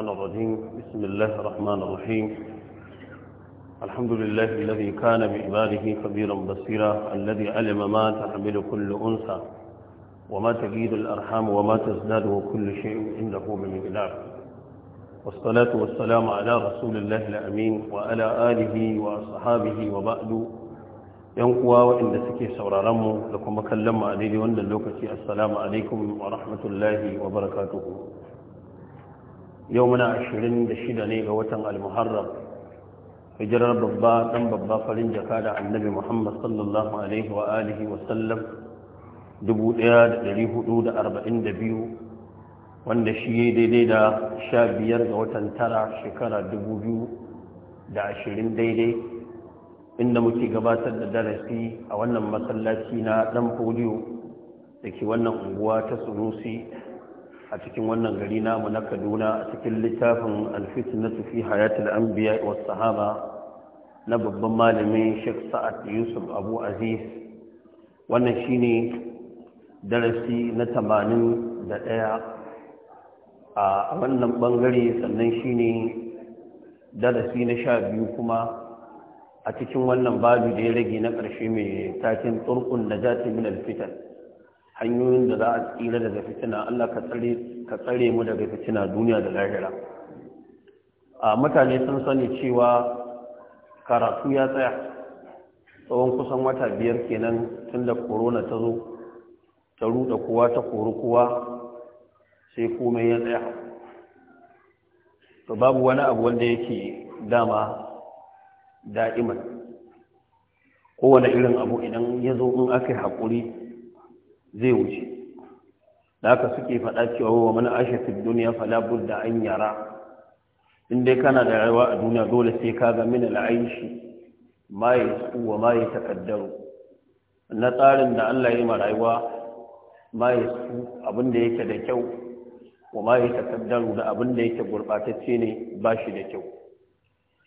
الرحمن الرجيم بسم الله الرحمن الرحيم الحمد لله الذي كان بعباده خبيرا بصيرا الذي علم ما تحمل كل أنثى وما تجيد الأرحام وما تزداده كل شيء عنده بمقدار والصلاة والسلام على رسول الله الأمين وعلى آله وأصحابه وبعد ينقوى وإن سكي سورارمو لكم أكلم عليه وأن اللوكة السلام عليكم ورحمة الله وبركاته yau muna ashirin da shida ne ga watan almuharram hijirar babba dan babba farin jaka da annabi muhammad sallallahu alaihi wa alihi wa sallam 1442 wanda shi ya daidai da sha biyar ga watan tara shekara 2020 daidai inda muke gabatar da darasi a wannan masallaci na dan foliyo da ke wannan unguwa ta sunusi a cikin wannan gari namu na kaduna a cikin littafin na tufi hayatul anbiya wa sahaba na babban malamin Sheikh Sa'ad Yusuf Abu Aziz wannan shine darasi na 81 a wannan bangare sannan shine darasi na sha biyu kuma a cikin wannan babu da ya rage na ƙarshe mai takin turqun najati min al hanyoyin da za a tsira daga fitina Allah ka tsare mu daga fitina duniya da lahira a mutane sun sani cewa karatu ya tsaya tsawon kusan wata biyar kenan tun da korona ta zo ta ruɗa kowa ta kori kowa sai komai ya tsaya to babu wani abu wanda yake dama da'iman kowane irin abu idan ya zo in aka yi haƙuri zai wuce da aka suke faɗa cewa wa mana ashe fi duniya fala budda an yara in dai kana da rayuwa a duniya dole sai ka ga min al'aishi ma ya wa ma ya takaddaru na tsarin da Allah ya ma rayuwa ma ya su abin da yake da kyau wa ma ya takaddaru da abin da yake gurɓatacce ne ba shi da kyau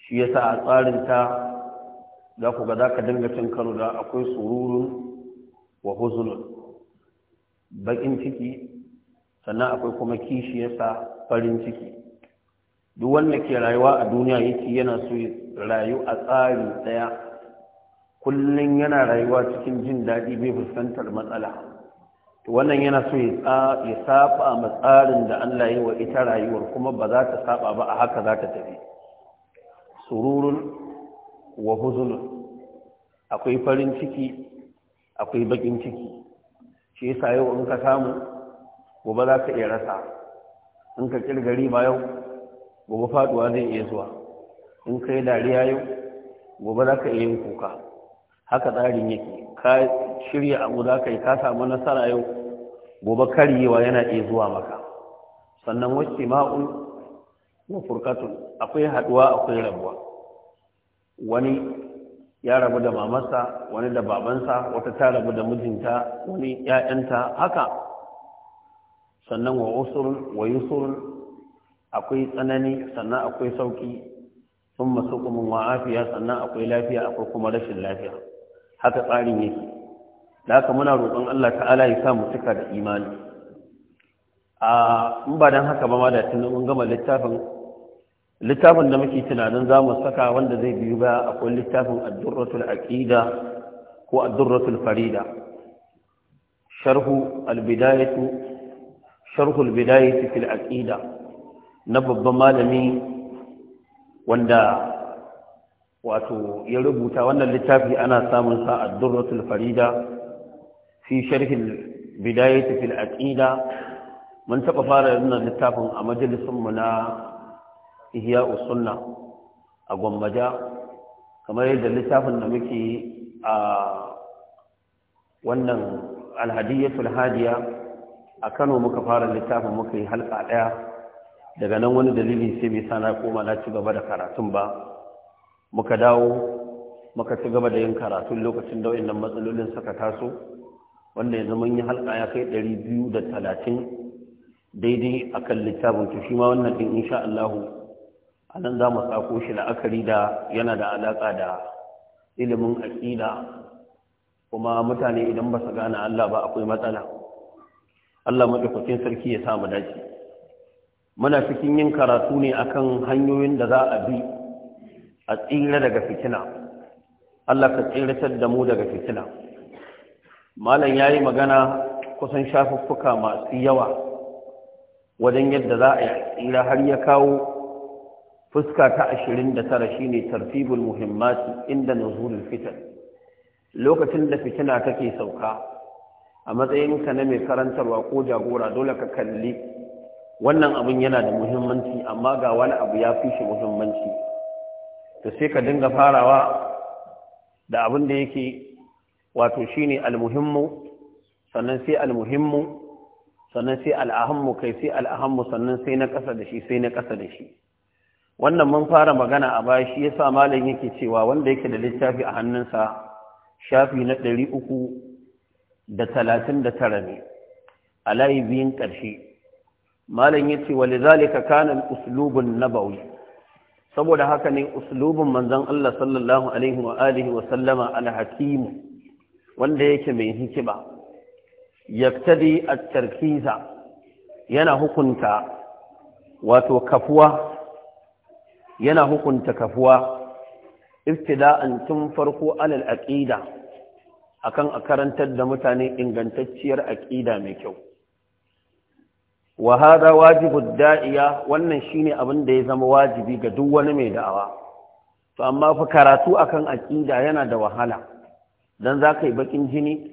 shi yasa a tsarin ta za ku ga za ka dinga cin karo da akwai sururun wa huzulun baƙin ciki sannan akwai kuma kishiyarsa farin ciki duk wanda ke rayuwa a duniya yake yana so rayu a tsari ɗaya kullum yana rayuwa cikin jin daɗi bai fuskantar matsala wannan yana so ya saba ma tsarin da Allah yi wa ita rayuwar kuma ba za ta saba ba a haka za ta tafi sururun wa huzunun akwai farin ciki akwai bakin ciki shi yasa yau in ka samu gobe za ka iya rasa in ka kirgari ba yau gobe faduwa zai iya zuwa in ka yi dariya yau gobe za ka iya yin kuka haka tsarin yake ka shirya abu za ka yi ka samu nasara yau gobe karyewa yana iya zuwa maka sannan wacce ma'un wa furkatun akwai haduwa akwai rabuwa wani ya rabu da mamarsa wani da babansa wata ta rabu da mijinta wani ‘ya'yanta haka sannan wa usurun wa akwai tsanani sannan akwai sauƙi sun masu kumin wa afiya sannan akwai lafiya akwai kuma rashin lafiya haka tsarin yake da haka muna roƙon Allah ta'ala ya sa mu cika da imani a ah, in ba don haka ba ma da tunan gama littafin littafin da muke tunanin za mu saka wanda zai biyu ba akwai littafin addurratul aqida ko addurratul farida sharhu albidayatu sharhu albidayatu fil aqida na babban malami wanda wato ya rubuta wannan littafi ana samun sa addurratul farida fi sharhil bidayatu fil aqida mun taba fara wannan littafin a majalisin mu na ihya usunna a gwammaja kamar yadda littafin da muke a wannan alhadiyatul hadiya a kano muka fara littafin muka yi halka daya daga nan wani dalili sai bai sana koma na ci gaba da karatun ba muka dawo muka ci gaba da yin karatun lokacin da nan matsalolin suka taso wanda yanzu mun yi halka ya kai ɗari biyu da talatin daidai akan littafin to shi ma wannan din insha Allahu a nan za mu tsako shi la'akari da yana da alaƙa da ilimin aƙida kuma mutane idan ba su gane Allah ba akwai matsala Allah maɗaukakin sarki ya samu dace muna cikin yin karatu ne akan hanyoyin da za a bi a tsira daga fitina Allah ka tsiratar da mu daga fitina malam ya yi magana kusan shafuffuka masu yawa wajen yadda za a yi tsira har ya kawo fuska ta 29 shine tartibul muhimmat inda nuzulul fitan lokacin da fitina take sauka a matsayin ka na mai karantarwa ko jagora dole ka kalli wannan abin yana da muhimmanci amma ga wani abu ya fi shi muhimmanci to sai ka dinga farawa da abin da yake wato shine almuhimmu sannan sai almuhimmu sannan sai al'ahammu kai sai al'ahammu sannan sai na ƙasa da shi sai na ƙasa da shi wannan mun fara magana a baya shi yasa malam yake cewa wanda yake da littafi a hannunsa shafi na ɗari uku da talatin da tara ne a layi biyun ƙarshe malam ya ce wali zalika uslubun nabawi saboda haka ne uslubun manzon Allah sallallahu alaihi wa alihi wa sallama alhakimu wanda yake mai hikima yaktadi at-tarkiza yana hukunta wato kafuwa yana hukunta kafuwa iftida'an tun farko alal aqida akan a karantar da mutane ingantacciyar aqida mai kyau wa hada wajibud da'iya wannan shine abin da ya zama wajibi ga duk wani mai da'awa to amma fa karatu akan aqida yana da wahala dan zaka yi bakin jini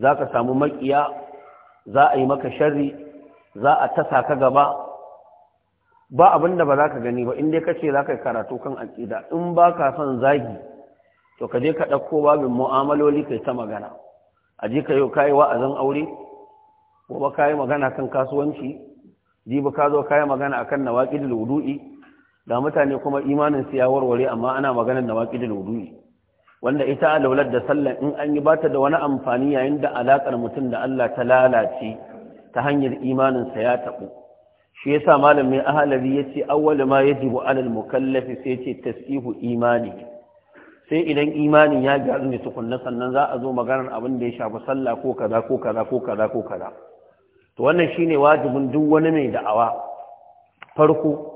zaka samu makiya za a yi maka sharri za a tasa ka gaba ba abin da ba za ka gani ba in dai ka ce za ka yi karatu kan aƙida in ba ka son zagi to ka je ka ɗauko babin mu'amaloli kai ta magana a je ka yi kayi wa'azin aure gobe ka yi magana kan kasuwanci Ji ba ka zo ka magana akan nawaƙidul wudu'i da mutane kuma imanin su ya warware amma ana magana maganar da wudu'i wanda ita a alaular da sallan in an yi bata da wani amfani yayin da alaƙar mutum da Allah ta lalace ta hanyar imanin sa ya taɓo. shi yasa ahalari ya ce, awwal ma yajibu alal mukallafi sai ce tasihu imani sai idan imani ya gyaru ne tukunna sannan za a zo maganar abin da ya shafi sallah ko kaza ko kaza ko kaza ko kaza to wannan shine wajibin duk wani mai da'awa farko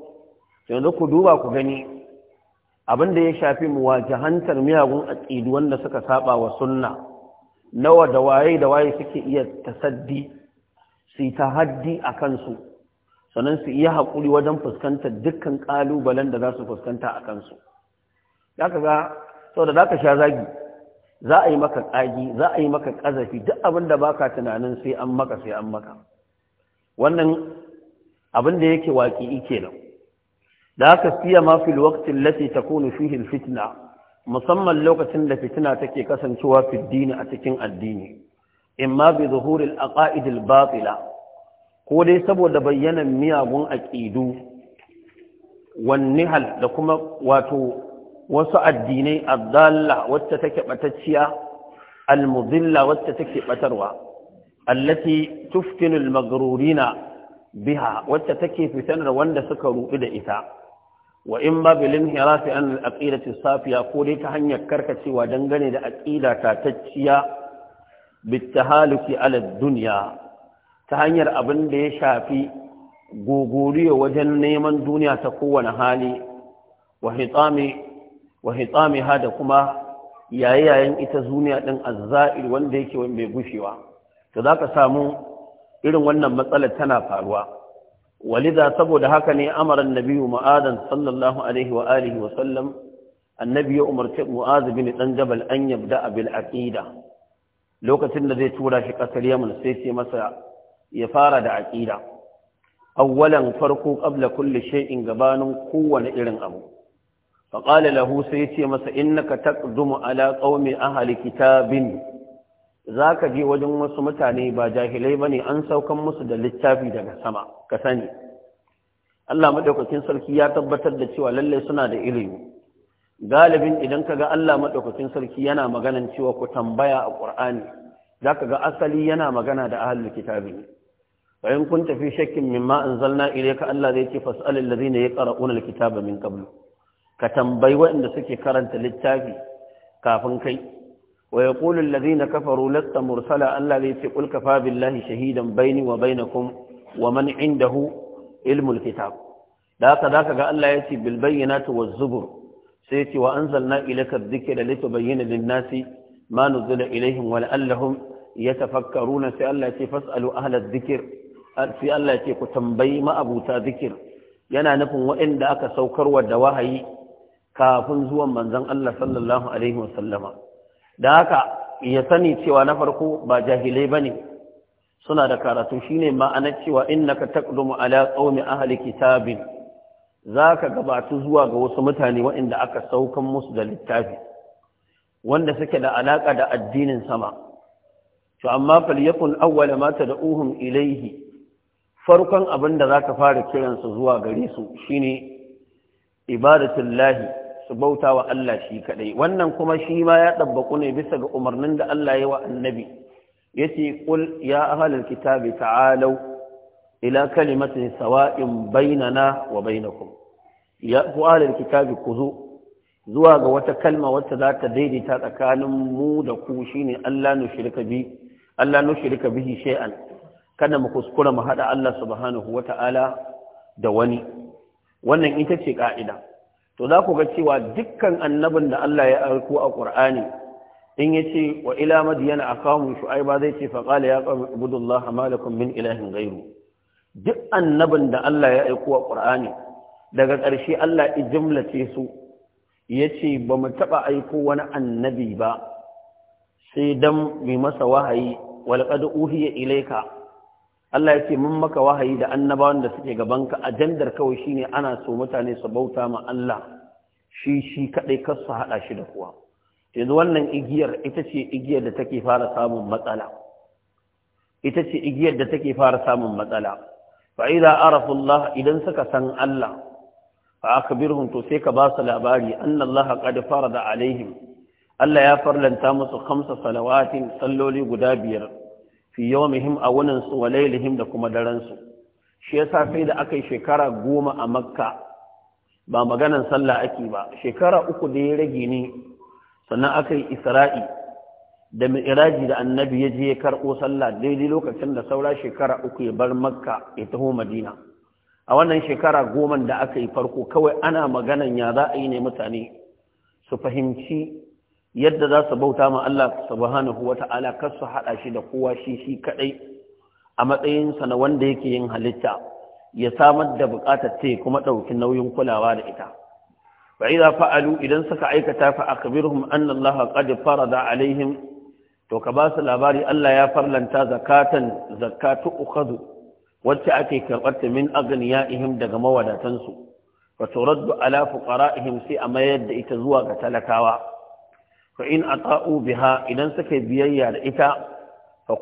yanzu ku duba ku gani abin da ya shafi muwajahantar miyagun aqidu wanda suka saba wa sunna nawa da waye da waye suke iya tasaddi su ta haddi a kansu sannan su iya haƙuri wajen fuskantar dukkan ƙalubalen da za su fuskanta a kansu sau da za ka sha zagi za a yi maka ƙagi za a yi maka ƙazafi duk abin da baka tunanin sai an maka sai an maka wannan abin da yake ike nan. da aka siya mafi fil waqtin lati kone fihi fitina fitna musamman lokacin da fitina take kasancewa fiddini a cikin addini imma bi zuhuri al aqaid batila ko dai saboda bayyanan miyagun aƙidu wannihal hal da kuma wato wasu addinai addalla wacce take batacciya almudilla wacce take batarwa allati tuftinu almagrurina biha wacce take fitanar wanda suka rubi da ita wa in ma bil inhirafi an aqidati safiya ko dai ta hanyar karkacewa dangane da aqida tatacciya bitahaluki ala dunya ta hanyar abin da ya shafi gogoriyo wajen neman duniya ta kowane hali wa hitsami ha da kuma yayayen ita duniya ɗin azza'ir wanda yake mai gushewa to za ka samu irin wannan matsalar tana faruwa walida saboda haka ne amaran nabiyu ma'adan sallallahu alaihi wa alihi wa sallam annabi ya umarci mu'az bin dan jabal an yabda bil aqida lokacin da zai tura shi kasar yaman sai ce masa ya fara da aƙida awwalan farko kabla kulli shay'in gabanin kowane irin abu fa qala lahu sai yace masa innaka taqdumu ala qaumi ahli kitabin zaka je wajen wasu mutane ba jahilai ba ne, an saukan musu da littafi daga sama ka sani Allah madaukakin sarki ya tabbatar da cewa lalle suna da ilimi galibin idan ka ga Allah madaukakin sarki yana maganan cewa ku tambaya a Qur'ani zaka ga asali yana magana da ahlul kitabi bayan kun tafi shakkin mimma anzalna ilayka Allah zai ce fas'alil ladina yaqra'una alkitaba min qablu ka tambayi waɗanda suke karanta littafi kafin kai wa yaqulu alladhina kafaru lasta mursala Allah zai ce qul billahi shahidan baini wa bainakum wa man indahu ilmul kitab da haka zaka ga Allah ya ce bayyinati waz zubur sai yace wa anzalna ilayka adh-dhikra litubayyana lin-nasi ma nuzila ilayhim wa la'allahum yatafakkaruna sai Allah ya fas'alu ahla adh-dhikr sai Allah ce ku tambayi ma'abuta zikir yana nufin waɗanda aka saukarwa da wahayi kafin zuwan manzon Allah sallallahu alaihi wasallama da haka ya sani cewa na farko ba jahilai bane suna da karatu shine ma'anar cewa innaka taqdumu ala qaumi ahli kitabin zaka gabatu zuwa ga wasu mutane waɗanda aka saukan musu da littafi wanda suke da alaka da addinin sama to amma falyakun awwala ma tad'uhum ilayhi farkon abin da za ka fara kiransu zuwa gare su shine ne. Ibadatullahi su bauta wa Allah shi kaɗai wannan kuma shi ma ya ɗabbaku ne bisa ga umarnin da Allah ya wa annabi ya ce ƙul ya ahalar kitabi ta'alau ila kalimatin sawa'in bainana wa bainakum ya ku ahalar kitabi ku zo zuwa ga wata kalma wacce za ta daidaita tsakanin mu da ku shine Allah nu bi Allah bihi shay'an kada mu kuskura mu haɗa Allah subhanahu wa ta'ala da wani wannan ita ce ƙa'ida to za ku ga cewa dukkan annabin da Allah ya aiko a ƙur'ani in ya ce wa ila madiyana a shu'aiba zai ce faƙala ya ƙaru ibudullah malakun min ilahin gairu duk annabin da Allah ya aiko a ƙur'ani daga ƙarshe Allah i jimlace su ya ce ba mu taɓa aiko wani annabi ba sai Dan mai masa wahayi walƙadu uhiya ilaika Allah ya ce mun maka wahayi da annabawan da suke gabanka ajandar kawai shine ana so mutane su bauta ma Allah shi shi kadai kar su hada shi da kowa yanzu wannan igiyar ita ce igiyar da take fara samun matsala ita ce igiyar da take fara samun matsala fa idza arafu Allah idan suka san Allah fa akbirhum to sai ka ba su labari anna Allah qad farada alaihim Allah ya farlanta musu khamsa salawatin salloli guda biyar fi yawmihim a wunin su wa lailihim da kuma daren su shi yasa sai da aka yi shekara goma a makka ba maganan sallah ake ba shekara uku da ya rage ne sannan aka yi isra'i da mi'raji da annabi ya je ya karɓo sallah daidai lokacin da saura shekara uku ya bar makka ya taho madina a wannan shekara goma da aka yi farko kawai ana maganan ya za a yi ne mutane su fahimci yadda za su bauta ma Allah subhanahu wata'ala kar su haɗa shi da kowa shi shi kaɗai a matsayinsa na wanda yake yin halitta ya samar da buƙatar ta kuma ɗauki nauyin kulawa da ita Ba fa'alu idan suka aikata fa akhbirhum anna Allah fara farada alaihim to ka ba su labari Allah ya farlanta zakatan zakatu ukhadhu wacce ake karɓar ta min aghniyaihim daga mawadatansu wa turaddu ala fuqara'ihim sai a mayar da ita zuwa ga talakawa fa in ata'u biha idan suka biyayya da ita fa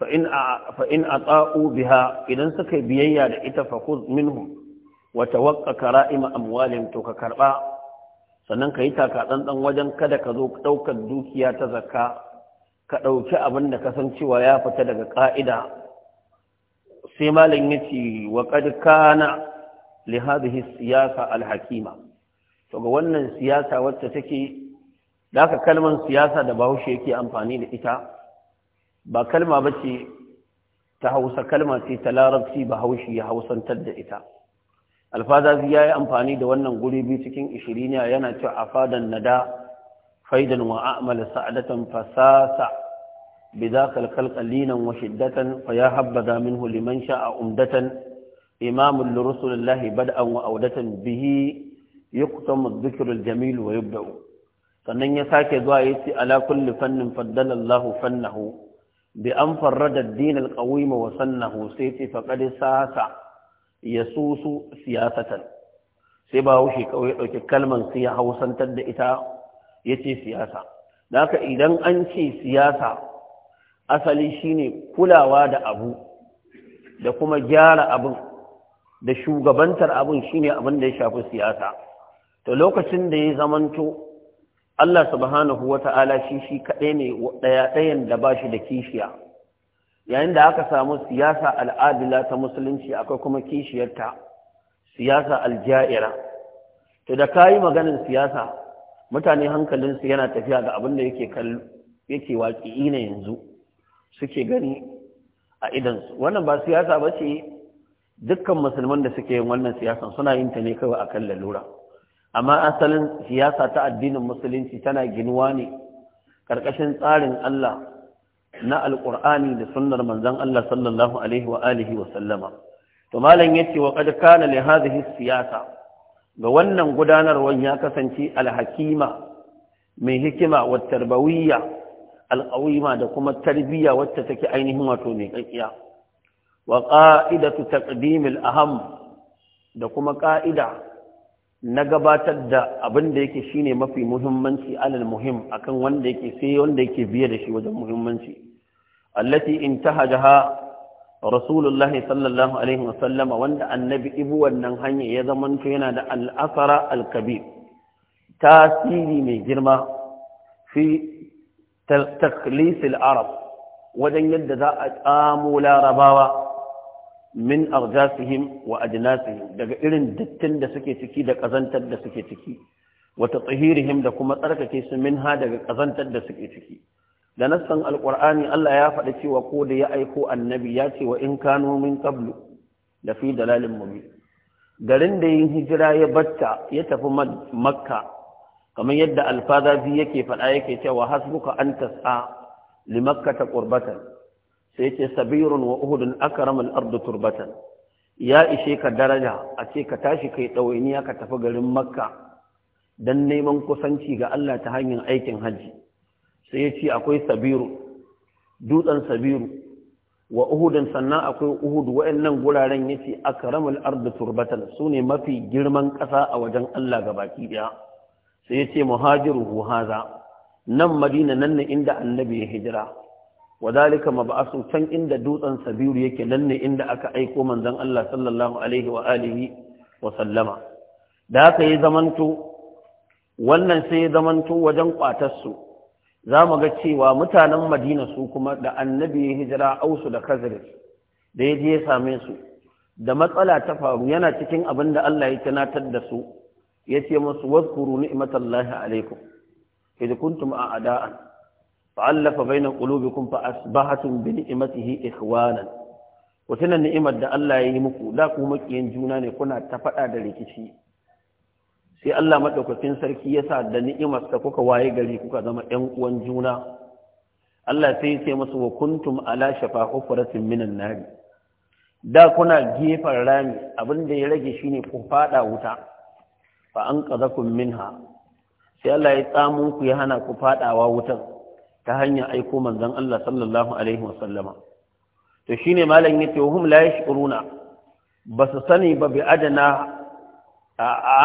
fa in fa in ata'u biha idan suka biyayya da ita fa minhum wa tawaqqa to ka karba sannan ka yi taka dan wajen kada ka zo daukar dukiya ta zakka ka dauki abin da ka san cewa ya fita daga ka'ida sai malam yaci wa qad kana li hadhihi siyasa al hakima to ga wannan siyasa wacce take da aka kalmar siyasa da bahaushe yake amfani da ita ba kalma ba ce ta hausa kalma ce ta larabci bahaushe ya hausantar da ita alfazazi ya yi amfani da wannan guri biyu cikin ishiriniya yana cewa a fadan nada faidan wa a'mala sa'adatan fasasa بذاك الخلق لينا وشدة فيا حبذا منه لمن شاء أمدة إمام لرسل الله بدءا وأودة به يقتم الذكر الجميل ويبدأ sannan ya sake zuwa ya ce ala kulli fannin faddalallahu fannahu bi an farrada ad-din wa sannahu sai ce faqad sasa yasusu siyasatan sai ba wuce kawai dauki kalman sai ya hausantar da ita yace siyasa haka idan an ce siyasa asali shine kulawa da abu da kuma gyara abin da shugabantar abin shine abin da ya shafi siyasa to lokacin da ya zamanto Allah subhanahu wa ta'ala shi shi kaɗai ne ɗaya-ɗayan da ba shi da kishiya yayin da aka samu siyasa al'adila ta musulunci akwai kuma kishiyarta siyasa alja'ira to da kayi maganin siyasa mutane hankalinsu yana tafiya ga abin da yake kallo yake waƙi yanzu suke gani a idansu wannan ba siyasa ba ce dukkan musulman da suke yin wannan siyasan suna yin ta ne kawai akan lalura amma asalin siyasa ta addinin musulunci tana ginuwa ne ƙarƙashin tsarin Allah na alƙur'ani da sunnar manzon Allah sallallahu alaihi wa alihi wa sallama to malam yace wa qad kana li hadhihi siyasa ga wannan gudanarwar ya kasance alhakima mai hikima wa tarbawiyya alqawima da kuma tarbiyya wacce take ainihin wato mai kakkiya wa qa'idatu taqdim al-aham da kuma ƙa'ida. na gabatar da abin da yake shine mafi muhimmanci alal muhim akan wanda yake sai wanda yake biye da shi wajen muhimmanci allati intahajaha rasulullahi sallallahu alaihi wasallam wanda annabi ibu wannan hanya ya zamanto yana da al'asara al-kabir tasiri mai girma fi taklisil arab wajen yadda za a tsamo larabawa min arjasihim wa ajnasihim daga irin dattin da suke ciki da kazantar da suke ciki wa tatahirihim da kuma tsarkake su minha daga kazantar da suke ciki da nassan alqur'ani Allah ya faɗi cewa ko da ya aiko annabi ya ce wa in kanu min qablu la fi dalalin mubin garin da yin hijira ya batta ya tafi makka kamar yadda alfazazi yake faɗa yake cewa hasbuka an tas'a li qurbatan sai ce sabirun wa uhudun akramul ardu turbatan ya ishe ka daraja a ce ka tashi kai ɗawainiya ka tafi garin makka don neman kusanci ga Allah ta hanyar aikin hajji sai ya ce akwai sabiru dutsen sabiru wa uhudun sannan akwai uhudu wa'annan guraren ya ce akaramul ardu turbatan su ne mafi girman ƙasa a wajen Allah ga baki ɗaya sai ya ce muhajiru haza nan madina nan ne inda annabi ya hijira wa ma mab'asu can inda dutsen sabiru yake nan ne inda aka aiko manzon Allah sallallahu alaihi wa alihi wa sallama da haka yi zamanto wannan sai ya zamanto wajen kwatar su mu ga cewa mutanen Madina su kuma da annabi ya hijira ausu da kazir da ya je ya same su da matsala ta faru yana cikin abin da Allah ya tunatar da su ya ce musu wazkuru ni'matallahi alaikum idh kuntum a'da'an فألف بين قلوبكم فأصبحتم بنعمته إخوانا وتنا النعمة دا الله juna ne kuna ta faɗa da rikici. sai Allah madaukakin sarki yasa da ni'imar ta kuka waye gari kuka zama 'yan uwan juna Allah sai ya ce musu wa kuntum ala shafa hufratin minan nar da kuna gefen rami abin da ya rage shine ku fada wuta fa an qadakum minha sai Allah ya tsamun ku ya hana ku fadawa wutar. ta hanyar aiko manzon Allah sallallahu alaihi wasallama to shine malam yace hum la yashkuruna basu sani ba bi adana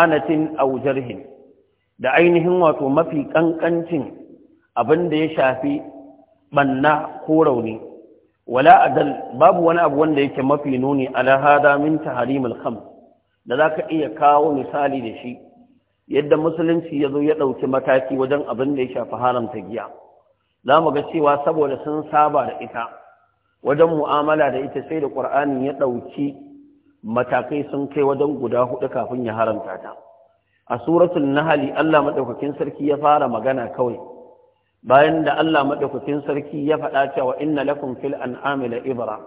anatin aw jarhin da ainihin wato mafi kankancin abin da ya shafi banna ko rauni wala adal babu wani abu wanda yake mafi nuni ala hada min tahrimil kham da zaka iya kawo misali da shi yadda musulunci ya zo ya ɗauki mataki wajen abin da ya shafi haramta giya za mu ga cewa saboda sun saba da ita wajen mu'amala da ita sai da ƙur'ani ya ɗauki matakai sun kai wajen guda hudu kafin ya haramta ta a suratul nahali Allah maɗaukakin sarki ya fara magana kawai bayan da Allah maɗaukakin sarki ya faɗa cewa inna lakum fil an'ami la ibra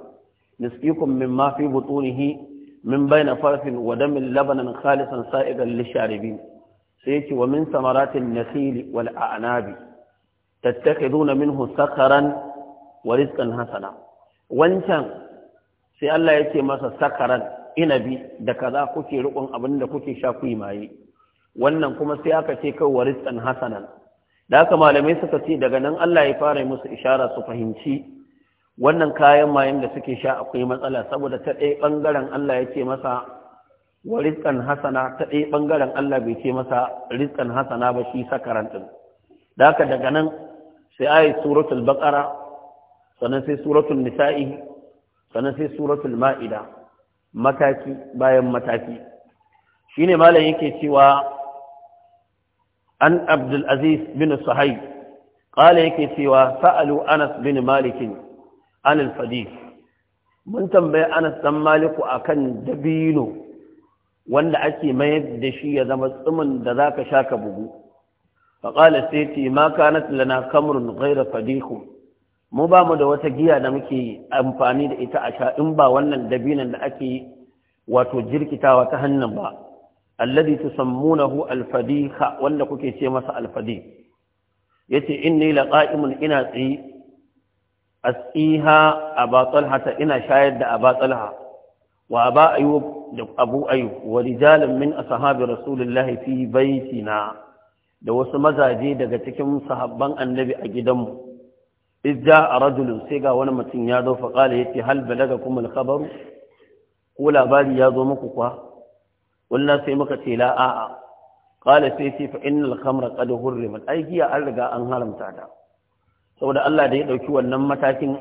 nisqikum mimma fi butunihi min bayna farfin wa damin labanan khalisan sa'igan lisharibin sai yake wa min samaratin nakhili wal a'nabi tattakiduna minhu sakaran wa rizqan hasana wancan sai Allah ya ce masa sakaran inabi da kaza kuke rikon abin da kuke sha ku maye wannan kuma sai aka ce kai wa rizqan hasanan da haka malamai suka ce daga nan Allah ya fara musu ishara su fahimci wannan kayan mayen da suke sha akwai matsala saboda ta ɗaya ɓangaren Allah ya ce masa wa rizqan hasana ta ɗaya ɓangaren Allah bai ce masa rizqan hasana ba shi sakaran ɗin da haka daga nan sai ayi suratul baqara sannan sai suratul nisa'i sannan sai suratul ma'ida mataki bayan mataki shine malam yake cewa an abdul aziz bin sahih ƙala yake cewa sa'alu anas bin malik an al mun tambaye anas dan maliku akan dabino wanda ake mayar da shi ya zama tsumin da zaka sha ka bugu faƙala sai ce ma kanat lana kamrun ghaira fadihu mu ba mu da wata giya da muke amfani da ita a sha in ba wannan dabinan da ake wato jirkitawa ta hannun ba alladhi tusammunahu alfadiha wanda kuke ce masa alfadih yace inni laqa'imun ina tsi asiha aba ta ina shayar da aba talha wa aba ayyub da abu ayyub wa rijalan min ashabi rasulillahi fi baitina da wasu mazaje daga cikin sahabban annabi a gidanmu izja a rajulun sai ga wani mutum ya zo faƙala ya ce hal balaga kuma alkhabaru ko labari ya zo muku kwa wallah sai muka ce la a'a qala sai ce fa innal khamra qad hurrimat ai giya an riga an haramta ta saboda Allah da ya dauki wannan matakin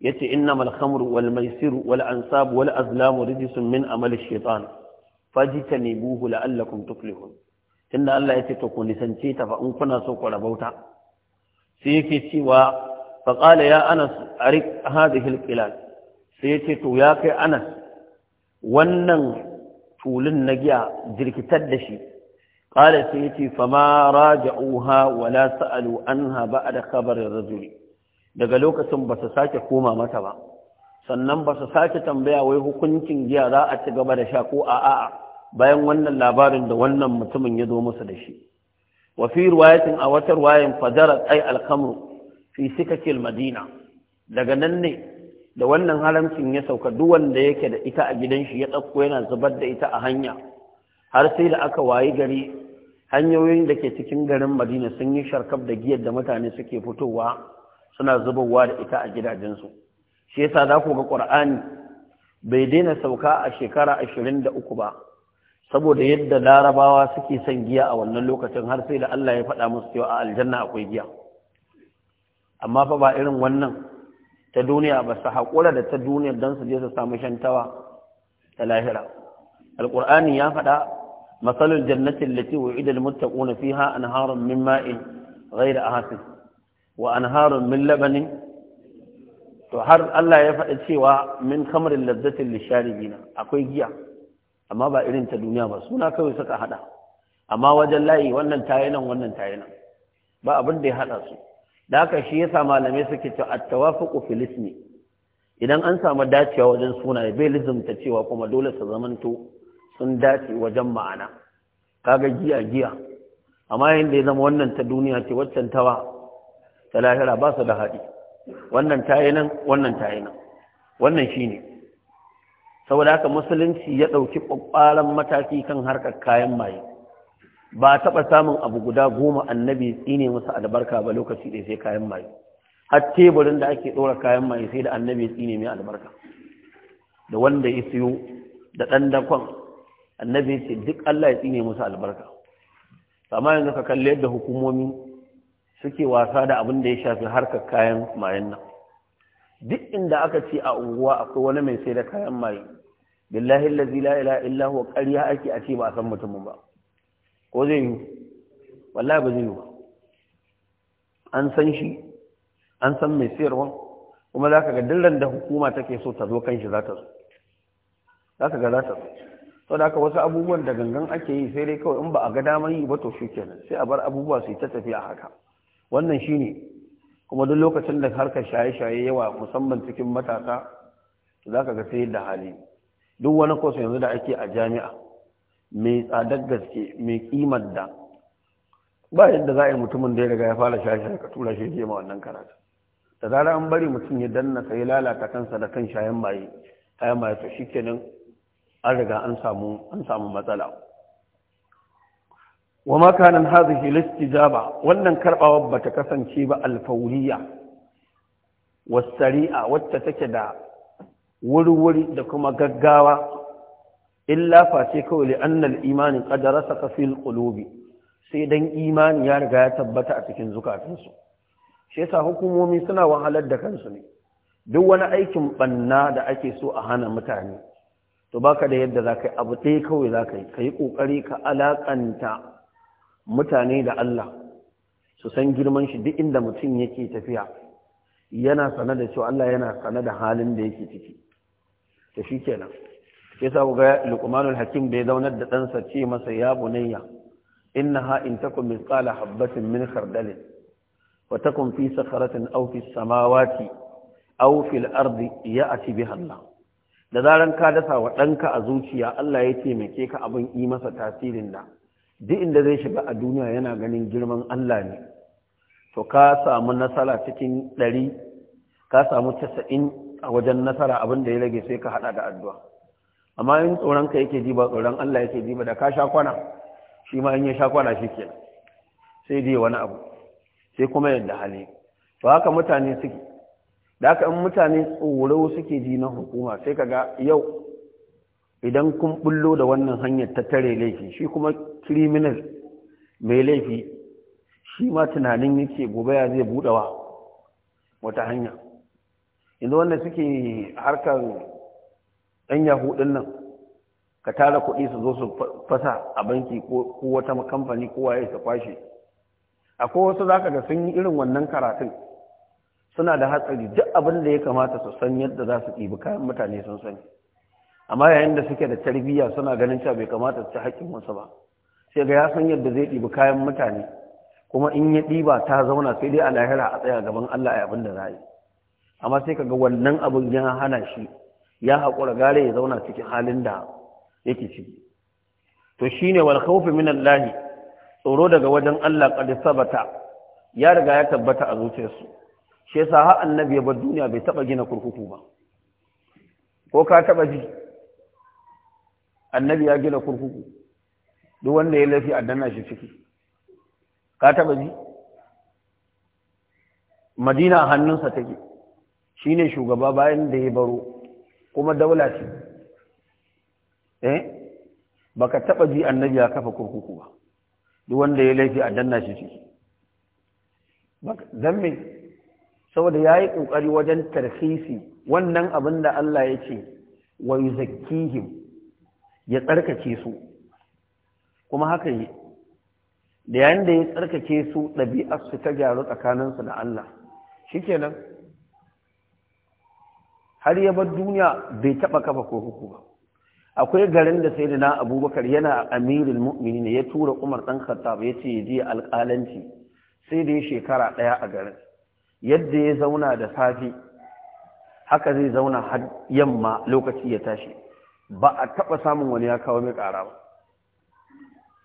yace al khamru wal maisir wal ansab wal azlam rijsun min amali shaytan fajtanibuhu la'allakum tuflihun tunda Allah ya ce to ku nisance ta fa in kuna so ku rabauta sai yake cewa fa qala ya anas arik hadhihi alqilal sai yace to ya kai anas wannan tulun na giya jirkitar da shi qala sai yace fa ma raja'uha wa la sa'alu anha ba'da khabar ar daga lokacin ba su sake koma mata ba sannan ba su sake tambaya wai hukuncin giya za a ci gaba da sha ko a'a bayan wannan labarin da wannan mutumin ya zo musu da shi wa fi riwayatin a wata riwayan fadara ay alkamru fi sikakil madina daga nan ne da wannan haramcin ya sauka duk wanda yake da ita a gidan shi ya dauko yana zubar da ita a hanya har sai da aka wayi gari hanyoyin da ke cikin garin madina sun yi sharkaf da giyar da mutane suke fitowa suna zubarwa da ita a gidajensu shi yasa za ku ga qur'ani bai daina sauka a shekara ashirin da uku ba saboda yadda larabawa suke son giya a wannan lokacin har sai da Allah ya faɗa musu cewa a aljanna akwai giya amma fa ba irin wannan ta duniya ba su haƙura da ta duniya don su je su samu shantawa ta lahira alƙur'ani ya faɗa مثل الجنة التي وعد المتقون فيها min من ماء غير آسف وأنهار min Labanin. to har Allah ya faɗa cewa min kamarin lazzatin lisharibina akwai giya amma ba irin ta duniya ba suna kawai suka hada amma wajen layi wannan tayi nan wannan tayi nan ba abin da ya hada su da haka shi yasa malamai suke ta at-tawafuqu fil ismi idan an samu dacewa wajen sunaye bai lizumta cewa kuma dole su zamanto sun dace wajen ma'ana kaga giya giya amma yayin ya zama wannan ta duniya ce waccan tawa ta lahira ba su da haɗi wannan tayi nan wannan tayi nan wannan shine saboda haka musulunci ya ɗauki ƙwaƙwaran mataki kan harkar kayan maye ba a taɓa samun abu guda goma annabi tsine musu albarka ba lokaci da sai kayan maye har teburin da ake ɗora kayan maye sai da annabi tsine mai albarka da wanda ya siyo da ɗan dakon annabi ce duk Allah ya tsine musu albarka amma yanzu ka kalli yadda hukumomi suke wasa da abin da ya shafi harkar kayan mayen nan duk inda aka ce a unguwa akwai wani mai sai da kayan maye billahi allazi la ilaha illa huwa ƙarya ake a ce ba a san mutumin ba ko zai yi wallahi ba zai yi an san shi an san mai siyarwa kuma za ka ga dillan da hukuma take so ta zo kan shi za ta zo za ka ga za ta zo to da haka wasu abubuwan da gangan ake yi sai dai kawai in ba a ga damar yi ba to shi kenan sai a bar abubuwa su yi ta tafiya haka wannan shine kuma duk lokacin da harkar shaye-shaye yawa musamman cikin matasa za ka ga sai da hali duk wani kwas yanzu da ake a jami'a mai tsadar gaske mai kimar da ba yadda za a yi mutumin da ya riga ya fara shashi ka tura shi ke ma wannan karatu da zara an bari mutum ya danna sai lalata kansa da kan shayan maye kayan ma to shikenan an riga an samu an samu matsala wa ma kana hadhihi listijaba wannan karbawar bata kasance ba alfauriya wasari'a wacce take da wuri da kuma gaggawa illa face kawai li'annal imanin qadarasa ka fil qulubi sai dan imani ya riga ya tabbata a cikin zukatansu shi yasa hukumomi suna wahalar da kansu ne duk wani aikin banna da ake so a hana mutane to baka da yadda za ka yi abu ɗaya kawai za ka yi ka yi ƙoƙari ka alaƙanta mutane da Allah su san girman shi duk inda mutum yake tafiya yana sane da cewa Allah yana sane da halin da yake ciki da shi kenan ya sa ga luqmanul hakim bai ya zaunar da ɗansa ce masa ya bunayya innaha in takum mithqala habatin min khardalin wa takum fi sakharatin aw fi samawati aw fil ardi ya'ti biha Allah da zaran ka dasa wa ɗanka a zuciya Allah ya taimake ka abin yi masa tasirin da duk inda zai shiga a duniya yana ganin girman Allah ne to ka samu nasara cikin ɗari ka samu casa'in a wajen nasara abin da ya rage sai ka hada da addu'a amma in tsoron ka yake ji ba tsoron Allah yake ji ba da ka sha kwana shi ma in ya sha kwana shi kenan sai dai wani abu sai kuma yadda hali to haka mutane suke da haka in mutane tsoro suke ji na hukuma sai ka ga yau idan kun bullo da wannan hanyar ta tare laifi shi kuma criminal mai laifi shi ma tunanin yake gobe ya zai budawa wata hanya yanzu wanda suke harkar ɗan yahudin nan ka tara kuɗi su zo su fasa a banki ko wata kamfani ko waye su kwashe ko wasu za ka ga sun yi irin wannan karatun suna da hatsari duk abin da ya kamata su san yadda za su ɗibi kayan mutane sun sani amma yayin da suke da tarbiyya suna ganin cewa bai kamata su ci haƙƙin wasu ba sai ga ya san yadda zai ɗibi kayan mutane kuma in ya ɗiba ta zauna sai dai a lahira a tsaya gaban Allah a abin da za yi amma sai kaga wannan abin ya hana shi ya haƙura gare ya zauna cikin halin da yake ciki to shine wal khawfu min Allah tsoro daga wajen Allah qad sabata ya riga ya tabbata a zuciyarsu shi yasa har annabi ya bar duniya bai taba gina kurkuku ba ko ka taba ji annabi ya gina kurkuku duk wanda ya lafi a danna shi ciki ka taba ji madina hannunsa take Shi ne shugaba bayan da ya baro kuma daula ce eh baka taba ji annabi ya kafa kurkuku ba duk wanda ya laifi a danna shi ciki dan me saboda yayi kokari wajen tarhisi wannan abin da Allah ya ce wa yuzakkihim ya tsarkake su kuma haka yi da yayin da ya tsarkake su su ta gyaru tsakaninsu da Allah shi shikenan har ya bar duniya bai taɓa kafa ko huku ba akwai garin da sai na abubakar yana amirin mu'mini ne ya tura umar ɗan khattab ya ce je alƙalanci sai da ya shekara ɗaya a garin yadda ya zauna da safi haka zai zauna har yamma lokaci ya tashi ba a taɓa samun wani ya kawo mai ƙara ba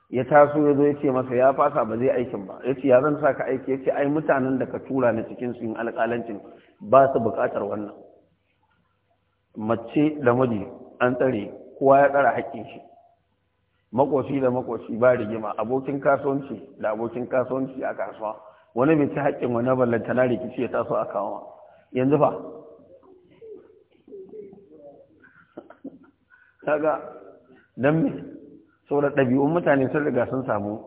ya taso ya zo ya ce masa ya fasa ba zai aikin ba ya ce ya zan sa ka aiki ya ce ai mutanen da ka tura na cikin su yin alƙalancin ba su buƙatar wannan mace da miji an tsare kowa ya tsara haƙƙin shi makoshi da makoshi ba rigima abokin kasuwanci da abokin kasuwanci a kasuwa wani mai ci haƙƙin wani ballanta na rikici ya taso a kawo yanzu fa kaga don me saboda ɗabi'un mutane sun riga sun samu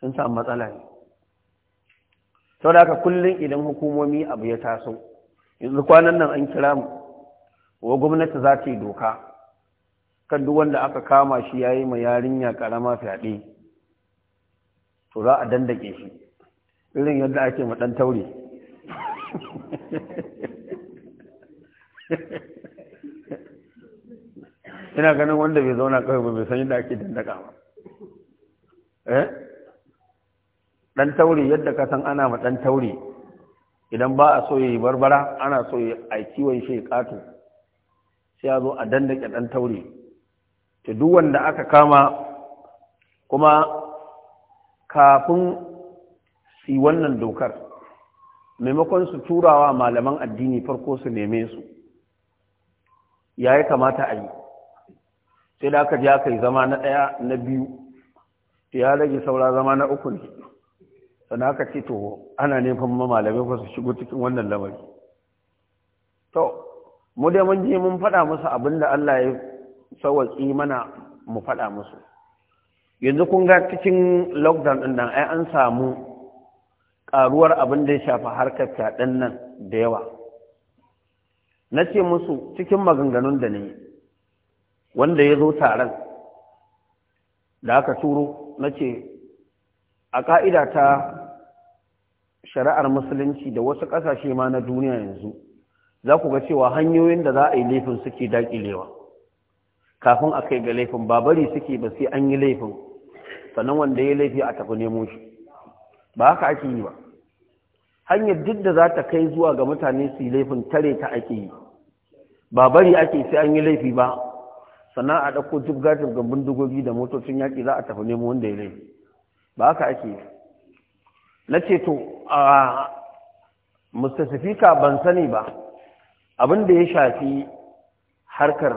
sun samu matsala ne saboda haka kullum idan hukumomi abu ya taso yanzu kwanan nan an kira mu wa gwamnati za ta yi doka kan duk wanda aka kama shi ya yi ma yarinya karama fyaɗe to za a dandake shi irin yadda ake ma ɗan taure ina ganin wanda bai zauna kawai ba bai san yadda ake dandaka ba eh ɗan taure yadda ka san ana ma ɗan taure idan ba a so yi barbara ana so yi a shi ya ƙato sai ya zo a dandake ɗan taure ta duk wanda aka kama kuma kafin si wannan dokar maimakon su turawa malaman addini farko su neme su ya yi kamata a yi sai da aka ji aka zama na ɗaya na biyu ya rage saura zama na uku ne sannan aka ce to ana nufin malamai ba su shigo cikin wannan lamari to mu dai mun je mun faɗa musu abin da Allah ya sawaki mana mu faɗa musu yanzu kun ga cikin lockdown ɗin nan ai an samu ƙaruwar abin da ya shafi harkar fyaɗen nan da yawa na ce musu cikin maganganun da ne wanda ya zo taron da aka turo na ce a ƙa'ida ta shari'ar musulunci da wasu ƙasashe ma na duniya yanzu za ku ga cewa hanyoyin da za a yi laifin suke daƙilewa kafin a kai ga laifin ba bari suke ba sai an yi laifin sannan wanda ya laifi a tafi nemo shi ba haka ake yi ba hanyar duk da za ta kai zuwa ga mutane su yi laifin tare ta ake yi ba bari ake sai an yi laifi ba sannan a ɗauko gajin jibgan bindigogi da motocin yaƙi za a tafi nemo wanda ya laifi ba haka ake yi na ce to a mustasifika ban sani ba abin da ya shafi harkar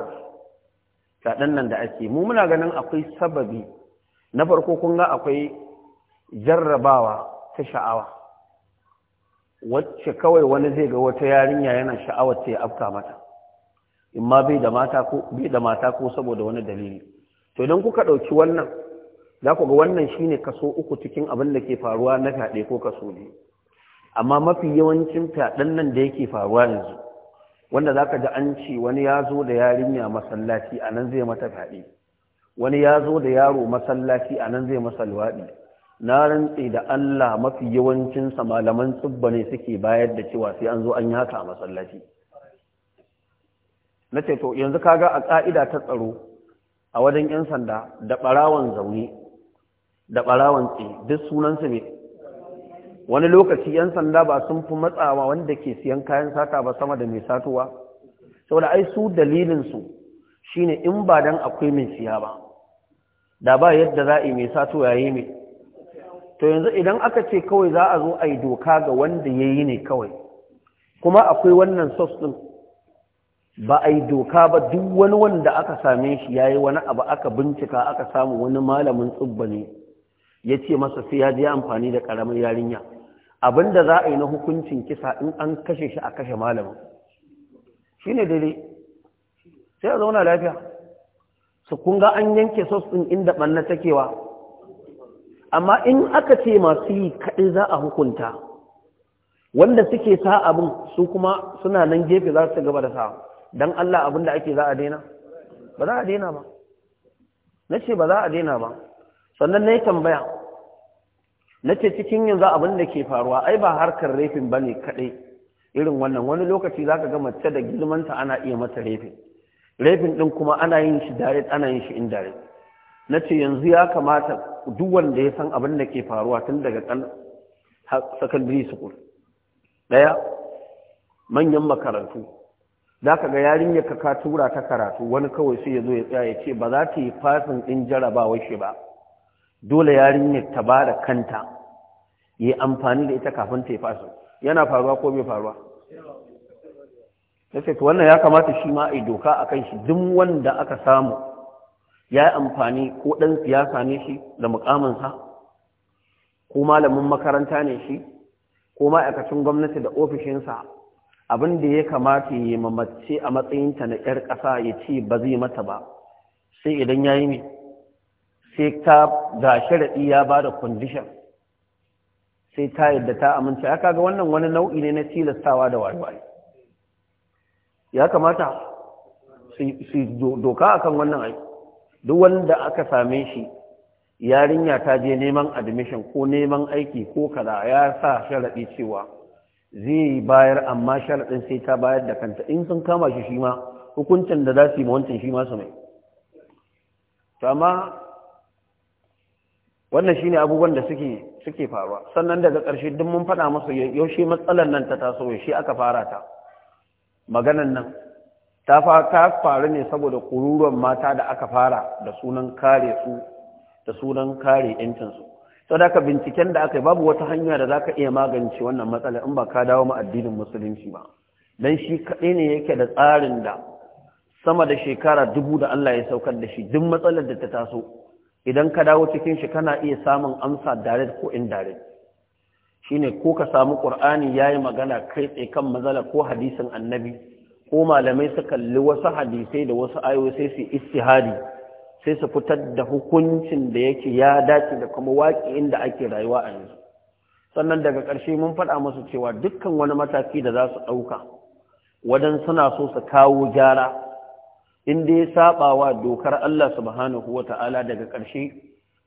fyaɗen nan da ake mu muna ganin akwai sababi na farko kun ga akwai jarrabawa ta sha'awa wacce kawai wani zai ga wata yarinya yana sha'awar ta ya afka mata in ma bai da mata ko saboda wani dalili to idan kuka ɗauki wannan za ku ga wannan shine kaso uku cikin abin da ke faruwa na fyaɗe ko kaso ne amma mafi yawancin fyaɗen nan da yake faruwa yanzu wanda za ka ji an ce wani ya zo da yarinya masallaci a nan zai mata fyaɗe wani ya zo da yaro masallaci a nan zai masa luwaɗi na rantse da Allah mafi yawancinsa malaman tsubba ne suke bayar da cewa sai an zo an yi haka a masallaci na ce to yanzu ga a ƙa'ida ta tsaro a wajen 'yan sanda da ɓarawan zaune da ɓarawan tsaye duk sunansu mai wani lokaci 'yan sanda ba sun fi matsawa wanda ke siyan kayan sata ba sama da mai satuwa saboda ai su dalilinsu shi ne in ba don akwai mai siya ba da ba yadda za a yi mai satuwa ya yi mai to yanzu idan aka ce kawai za a zo a yi doka ga wanda ya yi ne kawai kuma akwai wannan sos ɗin ba a yi doka ba duk wani wanda aka same shi ya yi wani abu aka bincika aka samu wani malamin tsubba ne ya ce masa sai ya je amfani da ƙaramin yarinya da za a yi na hukuncin kisa in an kashe shi a kashe malamin shi ne dare sai a zauna lafiya su kunga an yanke sos ɗin inda ɓanna takewa amma in aka ce masu yi kaɗai za a hukunta wanda suke sa abin su kuma suna nan gefe za su gaba da sa don Allah abin da ake za a daina ba za a daina ba na ce ba za a daina ba sannan na yi tambaya na ce cikin yanzu abin da ke faruwa ai ba harkar refin ba ne kaɗai irin wannan wani lokaci za ka ga mace da girmanta ana iya mata refin refin ɗin kuma ana yin shi direct ana yin shi indirect na ce yanzu ya kamata duk wanda ya san abin da ke faruwa tun daga kan secondary school ɗaya manyan makarantu za ka ga yarinyar ka ka tura ta karatu wani kawai sai ya zo ya tsaya ya ce ba za ta yi fasin ɗin jarabawar shi ba dole yarinyar ta ba da kanta yi amfani da ita kafin ta yi faso yana faruwa ko bai faruwa ya wannan ya kamata shi ma a doka a kan shi duk wanda aka samu ya yi amfani ko ɗan siyasa ne shi da mukaminsa ko malamin makaranta ne shi ko ma'aikacin gwamnati da ofishinsa abin da ya kamata ya yi mamace a matsayinta na 'yar ƙasa ya ce ba zai mata ba sai idan ya yi mai sai ta ga sharaɗi ya ba da kwandishan sai ta yadda ta amince aka ga wannan wani nau'i ne na tilastawa da wariwari ya kamata su doka akan wannan aiki duk wanda aka same shi yarinya ta je neman admission ko neman aiki ko kala ya sa sharaɗi cewa zai bayar amma sharaɗin sai ta bayar da kanta in sun kama shi shi ma hukuncin da za su yi mawancin shi ma su mai wannan shi ne abubuwan da suke faruwa sannan daga ƙarshe duk mun faɗa masu yaushe matsalar nan ta taso yaushe aka fara ta maganan nan ta faru ne saboda kururuwan mata da aka fara da sunan kare su da sunan kare yancin su sau da binciken da aka yi babu wata hanya da za ka iya magance wannan matsalar, in ba ka dawo ma addinin musulunci ba don shi kaɗai ne yake da tsarin da sama da shekara dubu da Allah ya saukar da shi duk matsalar da ta taso idan ka dawo cikin shi kana iya samun amsa direct ko indirect shine ko ka samu qur'ani yayi magana kai tsaye kan mazala ko hadisin annabi ko malamai su kalli wasu hadisai da wasu ayoyi sai su istihadi sai su fitar da hukuncin da yake ya dace da kuma waki inda ake rayuwa a yanzu sannan daga ƙarshe mun faɗa musu cewa dukkan wani mataki da za su ɗauka wajen suna so su kawo gyara in dai sabawa dokar Allah subhanahu wa ta'ala daga ƙarshe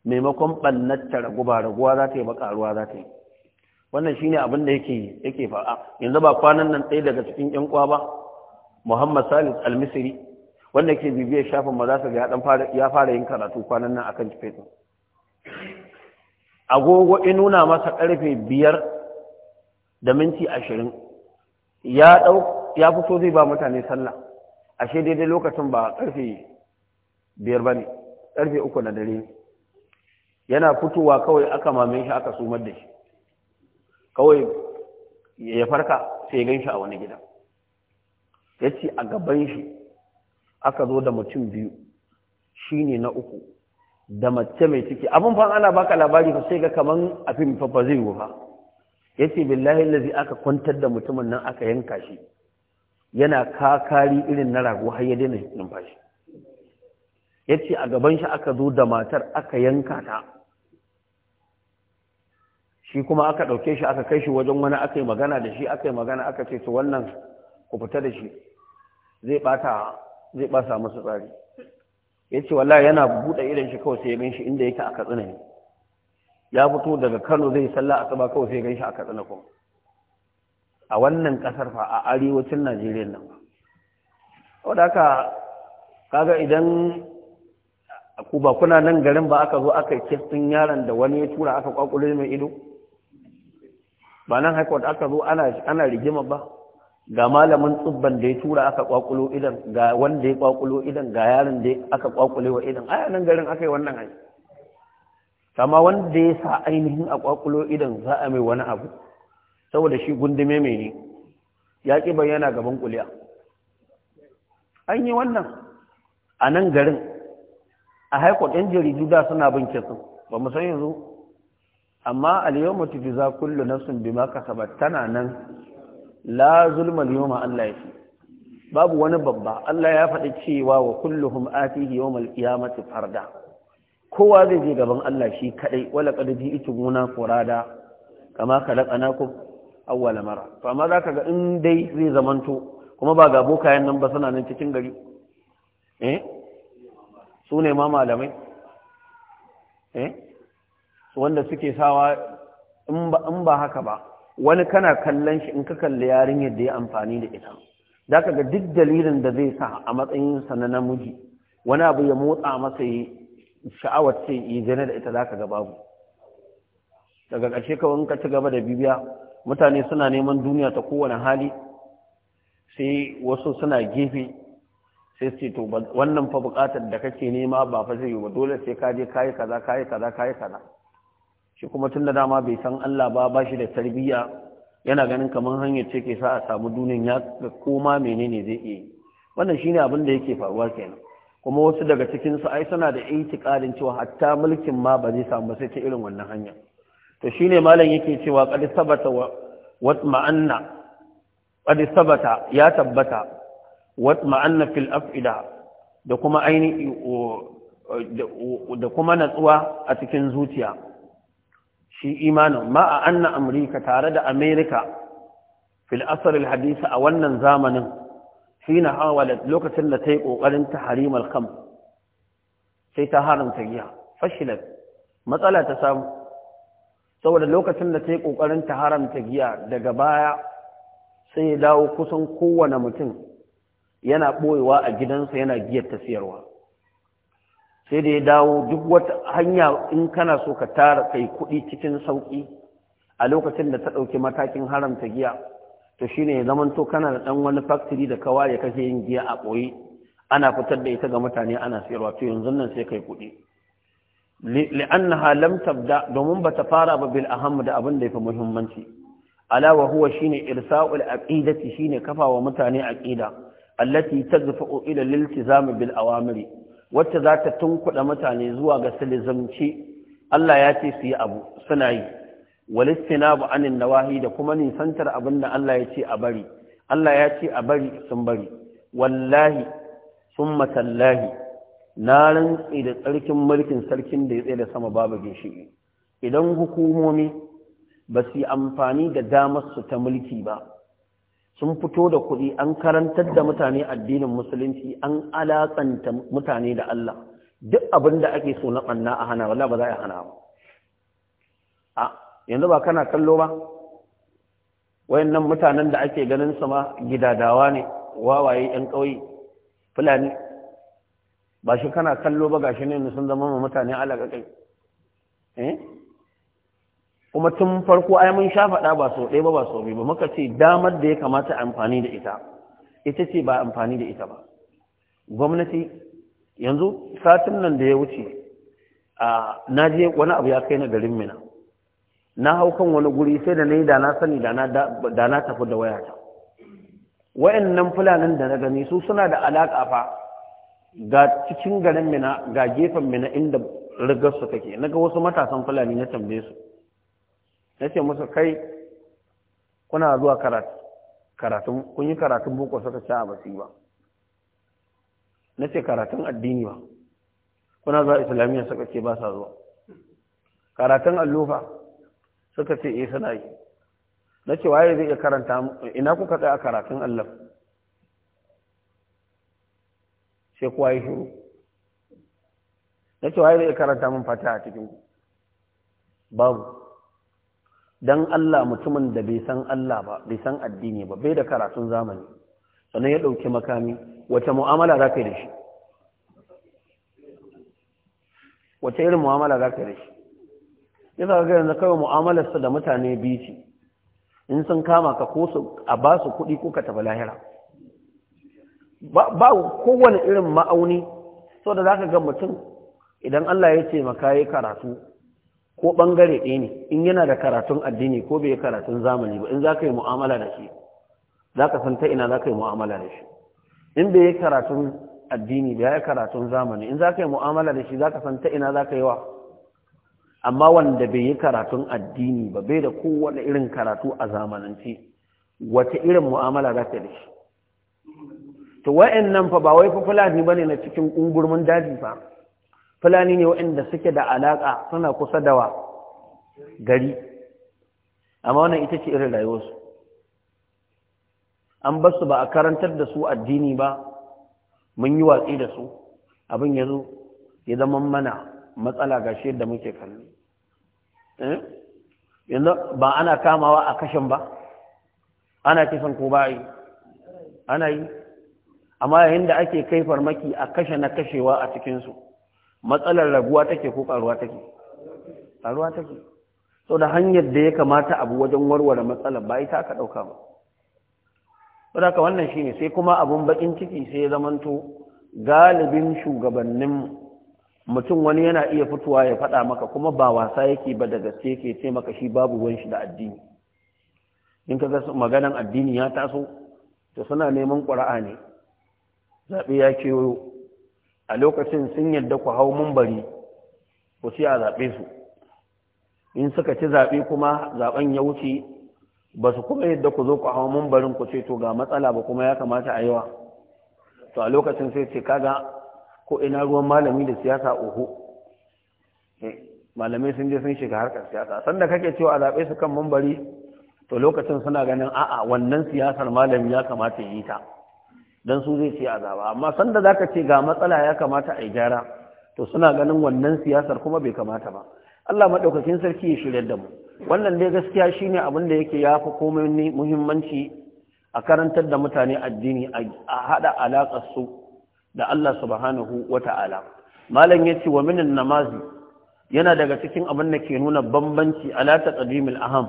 maimakon ɓannatta raguba raguwa za ta yi bakaruwa za ta yi wannan shine abin da yake yake fa'a yanzu ba kwanan nan ɗaya daga cikin ƴan kwa ba Muhammad Salis Al-Misri wanda ke bibiyar shafin maza su ga ya fara yin karatu kwanan nan akan Facebook agogo in nuna masa karfe biyar da minti ashirin ya fito zai ba mutane sallah ashe daidai lokacin ba karfe biyar ba ne karfe uku na dare yana fitowa kawai aka mame shi aka sumar da shi kawai ya farka sai gan shi a wani gida ya ce a gaban shi aka zo da mutum biyu shi ne na uku da mace mai ciki abin fa ana baka labari fa sai ga kaman a fim fa zai yi ya ce billahi lazi aka kwantar da mutumin nan aka yanka shi yana kakari irin na rago har ya daina numfashi ya ce a gaban shi aka zo da matar aka yanka ta shi kuma aka ɗauke shi aka kai shi wajen wani aka yi magana da shi aka yi magana aka ce su wannan ku fita da shi zai ɓata zai basa masu tsari ya ce wallahi yana buɗe irin shi kawai sai ya gan inda yake aka tsina ya fito daga kano zai sallah a kawai sai ya gan shi aka tsina kuma a wannan ƙasar fa a arewacin najeriya nan wadda aka kaga idan ku ba kuna nan garin ba aka zo aka yi kistin yaron da wani ya tura aka kwakule mai ido ba nan haikwad aka zo ana rigima ba ga malamin tsubban da ya tura aka kwakulo idan ga wanda ya kwakulo idan ga yaron da aka kwakule wa idan aya nan garin aka yi wannan hanyar kama wanda ya sa ainihin a kwakulo idan za a mai wani abu saboda shi gundume mai ne ya ƙi bayyana gaban kuliya an yi wannan a nan garin a haikot ɗin jaridu da suna bin kisan ba mu san yanzu amma al-yawma za kullu bi maka kasabat tana nan la zulma al ma Allah ya fi. babu wani babba Allah ya faɗi cewa wa kulluhum atihi ya qiyamati farda kowa zai je gaban Allah shi kaɗai wala qad ita guna furada kama khalaqnakum awwala mara to amma zaka ga in dai zai zamanto kuma ba ga bokayen nan ba suna nan cikin gari eh su ne ma malamai eh wanda suke sawa in ba haka ba wani kana kallon shi in ka kalli yarinyar da ya amfani da ita za ka ga duk dalilin da zai sa a matsayin sa na namiji wani abu ya motsa masa yi sha'awar sai yi gane da ita za ka ga babu daga ƙarshe kawai in ka ci gaba da bibiya mutane suna neman duniya ta kowane hali sai wasu suna gefe sai su to wannan fa bukatar da kake nema ba fa zai yi ba dole sai ka je kayi kaza kayi kaza kayi kaza shi kuma tun da dama bai san Allah ba ba shi da tarbiyya yana ganin kamar hanyar ce ke sa a samu duniyan ya ga koma menene zai iya wannan shine abin da yake faruwa kenan kuma wasu daga cikin su ai suna da itikadin cewa hatta mulkin ma ba zai samu sai ta irin wannan hanyar. to ne malam yake cewa qad sabata wa ma'anna sabata ya tabbata wa ma'anna fil af'ida da kuma da kuma natsuwa a cikin zuciya shi imanin ma'a anna amurka tare da amerika fil asarar hadisa a wannan zamanin shi na hawalat lokacin da ta yi ƙoƙarin ta harimar kam sai ta haramta giya fashilat matsala ta samu saboda lokacin da ta yi ƙoƙarin ta haramta giya daga baya sai ya dawo kusan kowane mutum yana ɓoyewa a gidansa yana giyar ta siyarwa sai da ya dawo duk wata hanya in kana so ka tara kai kuɗi cikin sauƙi a lokacin da ta ɗauki matakin haramta giya to shine ya zamanto kana da ɗan wani factory da kawa ya kashe yin giya a ɓoye ana fitar da ita ga mutane ana siyarwa to yanzu nan sai kai kuɗi li'annaha lam tabda domin bata fara ba bil aham da abin da yafi muhimmanci ala wa huwa shine irsa'ul aqidati shine kafawa mutane aqida allati tadfa'u ila liltizam bil awamiri wacce za ta tunkuɗa mutane zuwa ga silizamci Allah ya ce su yi abu suna yi walistinabu anin nawahi da kuma nisantar abin da Allah ya ce a bari Allah ya ce a bari sun bari wallahi sun matallahi na rantsi da tsarkin mulkin sarkin da ya tsaye da sama babu ginshiki idan hukumomi ba su yi amfani da damar su ta mulki ba sun fito da kuɗi an karantar da mutane addinin musulunci an alaƙanta mutane da Allah duk abin da ake so na ɓanna a hana wala ba za a hana ba a yanzu ba kana kallo ba wayannan mutanen da ake ganin su ma gidadawa ne wawaye 'yan ƙauye fulani ba shi kana kallo ba gashi ne sun zama mu mutane kai eh kuma tun farko ai mun sha faɗa ba so ɗaya ba ba so biyu ba muka ce damar da ya kamata amfani da ita ita ce ba amfani da ita ba gwamnati yanzu satin nan da ya wuce a na je wani abu ya kai na garin mina na hau kan wani guri sai da na yi da na sani da na tafi da wayata wayannan fulanin da na gani su suna da alaka fa ga cikin garin mina ga gefen mina inda rigarsu take na ga wasu matasan fulani na tambaye su na ce musu kai kuna zuwa karatun kun yi karatun boko suka ci a basi ba na ce karatun addini ba kuna zuwa islamiyya suka ce ba sa zuwa karatun allofa suka ce eh suna yi na ce waye zai iya karanta ina kuka tsaya karatun allofa sai kowa ya shiru na ce waye zai karanta min fata a cikin babu dan Allah mutumin da bai san Allah ba bai san addini ba bai da karatun zamani sannan ya ɗauki makami wace mu'amala za ka yi da shi wace irin mu'amala za ka yi da shi ya za ga yanzu kawai mu'amalarsa da mutane biyu ce in sun kama ka ko su a ba su kuɗi ko ka tafi lahira ba kowane irin ma'auni so da za ka ga mutum idan Allah ya ce maka yi karatu ko ɓangare ɗaya ne in yana da karatun addini ko bai karatun zamani ba in za ka yi mu'amala da shi za ka san ta ina za ka yi mu'amala da shi in bai yi karatun addini bai yi karatun zamani in za ka yi mu'amala da shi za ka san ta ina za ka yi wa amma wanda bai yi karatun addini ba bai da kowane irin karatu a zamanance wace irin mu'amala ka yi da shi to nan fa ba wai fa fulani ne na cikin ƙungurmin daji ba. fulani ne da suke da alaƙa suna kusa da wa gari amma wannan ita ce irin rayuwarsu an basu ba a karantar da su addini ba mun yi watsi da su abin ya zo ya zama mana matsala ga shi yadda muke kalli eh? yanzu ba ana kamawa a kashin ba ana kisan ko ba yi ana yi amma yayin da ake kai farmaki a kashe na kashewa a cikinsu matsalar raguwa take ko karuwa take karuwa take Sau da hanyar da ya kamata abu wajen warware matsalar ba ita aka ɗauka ba saboda wannan shine sai kuma abun bakin ciki sai ya zamanto galibin shugabannin mutum wani yana iya fitowa ya faɗa maka kuma ba wasa yake ba da gaske yake ce maka shi babu ruwan shi da addini in ka ga maganan addini ya taso to suna neman ƙura'a ne zaɓe ya kewayo a lokacin sun yadda ku hau mumbari ku sai a zaɓe su in suka ci zaɓe kuma zaɓen ya wuce ba su kuma yadda ku zo ku hau mumbarin ku ce to ga matsala ba kuma ya kamata a yawa to a lokacin sai ce kaga ko ina ruwan malami da siyasa oho eh, Malami sun je sun shiga harkar siyasa sanda kake cewa a zaɓe su kan mumbari to lokacin suna ganin a'a wannan siyasar malami ya kamata yi ta don su zai ce azaba amma sanda za ka ce ga matsala ya kamata a gyara to suna ganin wannan siyasar kuma bai kamata ba Allah maɗaukakin sarki ya shirya da mu wannan dai gaskiya shine abin da yake ya fi komai muhimmanci a karantar da mutane addini a haɗa alaƙar su da Allah subhanahu wa ta'ala malam ya ce wa minin namazi yana daga cikin abin da ke nuna bambanci ala taqdimil aham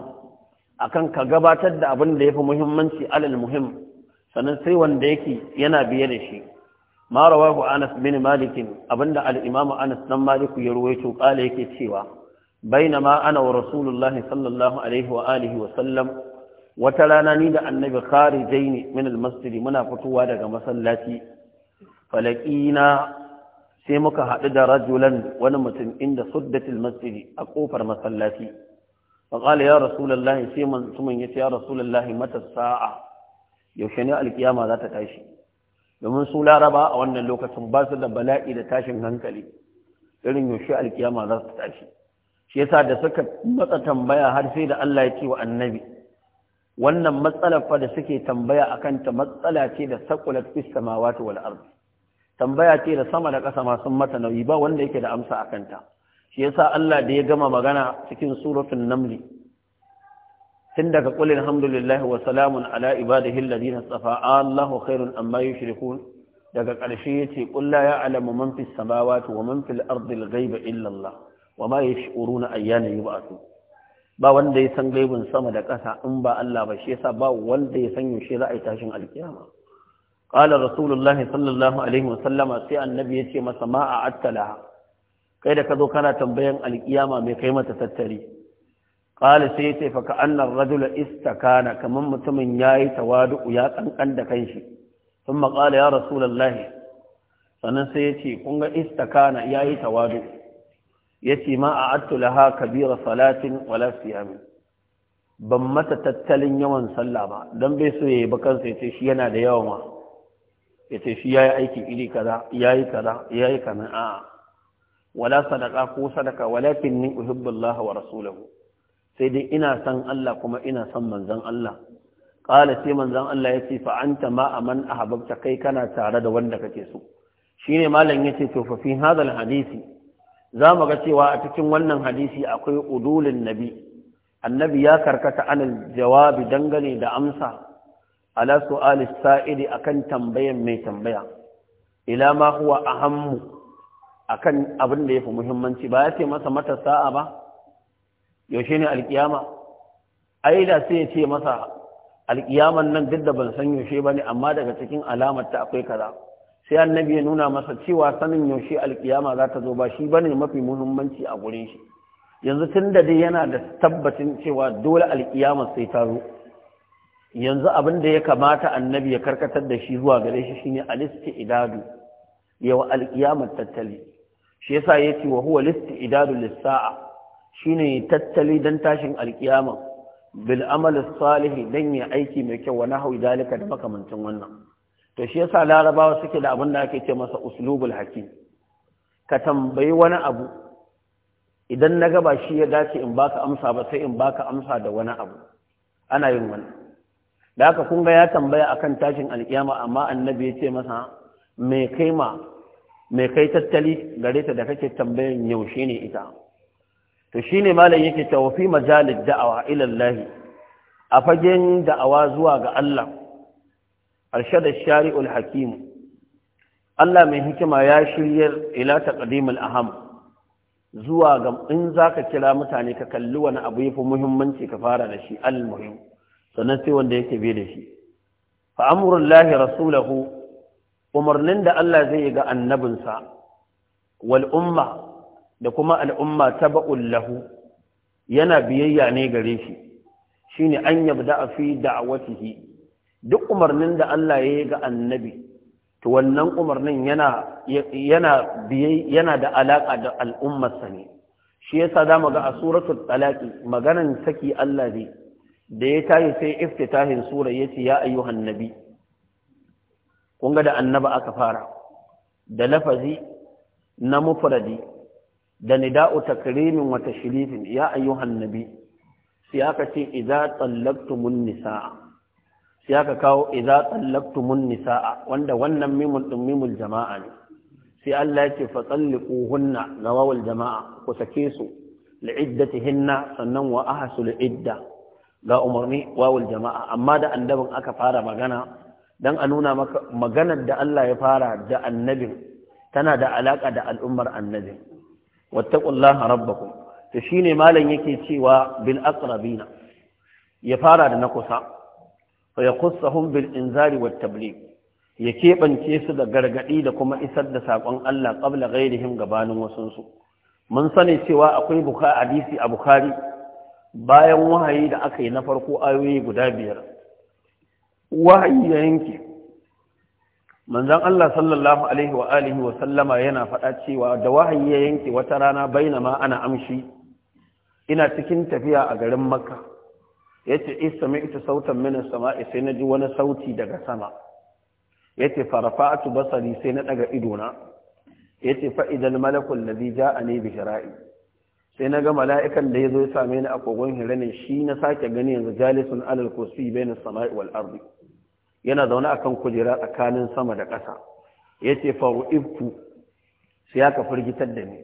akan ka gabatar da abin da yafi muhimmanci alal muhim sannan sai wanda yake yana biye da shi ma rawahu anas bin malik abinda al-imam anas dan malik ya ruwaito kala yake cewa bainama ana wa rasulullahi sallallahu alaihi wa alihi wa sallam wata rana ni da annabi kharijaini min al-masjid muna fitowa daga masallaci falaqina sai muka haɗu da rajulan wani mutum inda suddatil masjid a kofar masallaci فقال يا رسول الله سيما ثم يا رسول الله متى الساعه yaushe ne alkiyama za ta tashi domin su laraba a wannan lokacin ba su da bala'i da tashin hankali irin yaushe alkiyama za su tashi shi yasa da suka matsa tambaya har sai da Allah ya ce wa annabi wannan matsalar fa da suke tambaya akan ta matsala ce da sakulat fis samawati wal tambaya ce da sama da kasa ma sun mata nauyi ba wanda yake da amsa akan ta shi yasa Allah da ya gama magana cikin suratul namli tun daga kulin alhamdulillah wa salamun ala ibadihi na tsafa, Allahu khairun amma yushrikun daga ƙarshe yace "Ƙulla ya alamu man fis samawati wa man fil ardi ghaiba illa wa ma na ayyana yub'athu ba wanda ya san gaibin sama da ƙasa in ba Allah ba shi yasa ba wanda ya san yaushe za a yi tashin alkiyama qala rasulullah sallallahu alaihi wa sallama sai annabi yace masa ma a attala kai da ka zo kana tambayan alkiyama me kai mata tattari qala sai yace fa ka annar rajula istakana kamar mutumin yayi tawadu ya kankan da kanshi thumma qala ya rasulullahi sannan sai yace kun ga istakana yayi tawadu yace ma a'attu laha kabira salatin wala siyamin ban mata tattalin yawan sallah ba dan bai so yayi ba kansa yace shi yana da yawa ma yace shi yayi aiki iri kaza yayi kaza yayi kaza a'a wala sadaqa ko sadaka walakin ni uhibbu Allah wa rasuluhu sai dai ina san Allah kuma ina son manzon Allah qala sai manzon Allah ya ce anta ma a ahbabta kai kana tare da wanda kake so shine malam yace ce fa fi hadisi. hadisi zamu ga cewa a cikin wannan hadisi akwai udulin nabi annabi ya karkata anal jawabi dangane da amsa ala su'ali sa'idi akan tambayan mai tambaya ila ma huwa ahammu akan abin da yafi muhimmanci ba ya ce masa mata sa'a ba yaushe ne alkiyama ai da sai ya ce masa alkiyaman nan duk da ban san yaushe ba ne amma daga cikin alamar ta akwai kaza sai annabi ya nuna masa cewa sanin yaushe alkiyama za ta zo ba shi ba ne mafi muhimmanci a gurin shi yanzu tun da dai yana da tabbacin cewa dole alkiyama sai ta zo yanzu abin da ya kamata annabi ya karkatar da shi zuwa gare shi shine alisti idadu yawa alƙiyamar tattali shi yasa yace wa huwa listi idadu lis shine tattali dan tashin alkiyama bil amal salih dan ya aiki mai kyau wa nahwi dalika da makamancin wannan to shi yasa larabawa suke da abin da ake ce masa uslubul hakim ka tambayi wani abu idan na gaba shi ya dace in baka amsa ba sai in baka amsa da wani abu ana yin wannan da haka kun ga ya tambaya akan tashin alkiyama amma annabi ya ce masa me kai kai tattali gare ta da kake tambayan yaushe ne ita to shine malam yake cewa fi majalid da'awa ilallahi Allah a fagen da'awa zuwa ga Allah arshad da shariul hakimu Allah mai hikima ya shiryar ila taqdimul aham zuwa ga in zaka kira mutane ka kalli wani abu yafi muhimmanci ka fara da shi al-muhim sannan sai wanda yake bi da shi fa amrullahi rasulahu umarnin da Allah zai ga annabinsa wal umma da kuma al'umma ta lahu yana biyayya ne gare shi ne an a fi da'awatihi duk umarnin da Allah ya yi ga annabi to wannan umarnin yana da alaƙa da al'ummarsa ne shi yasa zamu ga a suratul talaqi maganan saki Allah zai da ya tayi sai iftitahin sura yace ya ayyuhan nabi kun ga da annaba aka fara da lafazi na mufradi da nida'u takrimin wa tashrifin ya ayyuhan nabi sai aka ce idza tallaqtumun nisaa sai aka kawo idza tallaqtumun nisaa wanda wannan mimul din mimul jama'a ne sai Allah yake fa talliquhunna nawawul jama'a ku sake su li'iddatihinna sannan wa ahsul idda ga umarni wawul jama'a amma da annabin aka fara magana dan a nuna maka maganar da Allah ya fara da annabin tana da alaka da al'ummar annabin wattaqullaha rabbakum to shine malam yake cewa bil aqrabina ya fara da na kusa fa yaqussahum bil inzari wat tabligh ya keɓance su da gargaɗi da kuma isar da saƙon Allah ƙabla gairihim gabanin wasunsu. Mun sani cewa akwai buka hadisi a Bukhari bayan wahayi da aka yi na farko ayoyi guda biyar. Wahayi ya yanke, manzon Allah sallallahu alaihi wa alihi wa sallama yana faɗa cewa da wahayi ya yanke wata rana ma ana amshi ina cikin tafiya a garin Makka yace istami'tu sautan min samai sai ji wani sauti daga sama yace farafa'tu basari sai na daga ido na yace fa'idan Malakun malakul a ne bi shira'i sai ga mala'ikan da ya zo ya same ni a kogon ne, shi na sake gani yanzu jalisun alal kursi bainas sama'i wal arzi yana zaune a kan kujera tsakanin sama da ƙasa ce, faru ibtu sai kafar firgitar da ni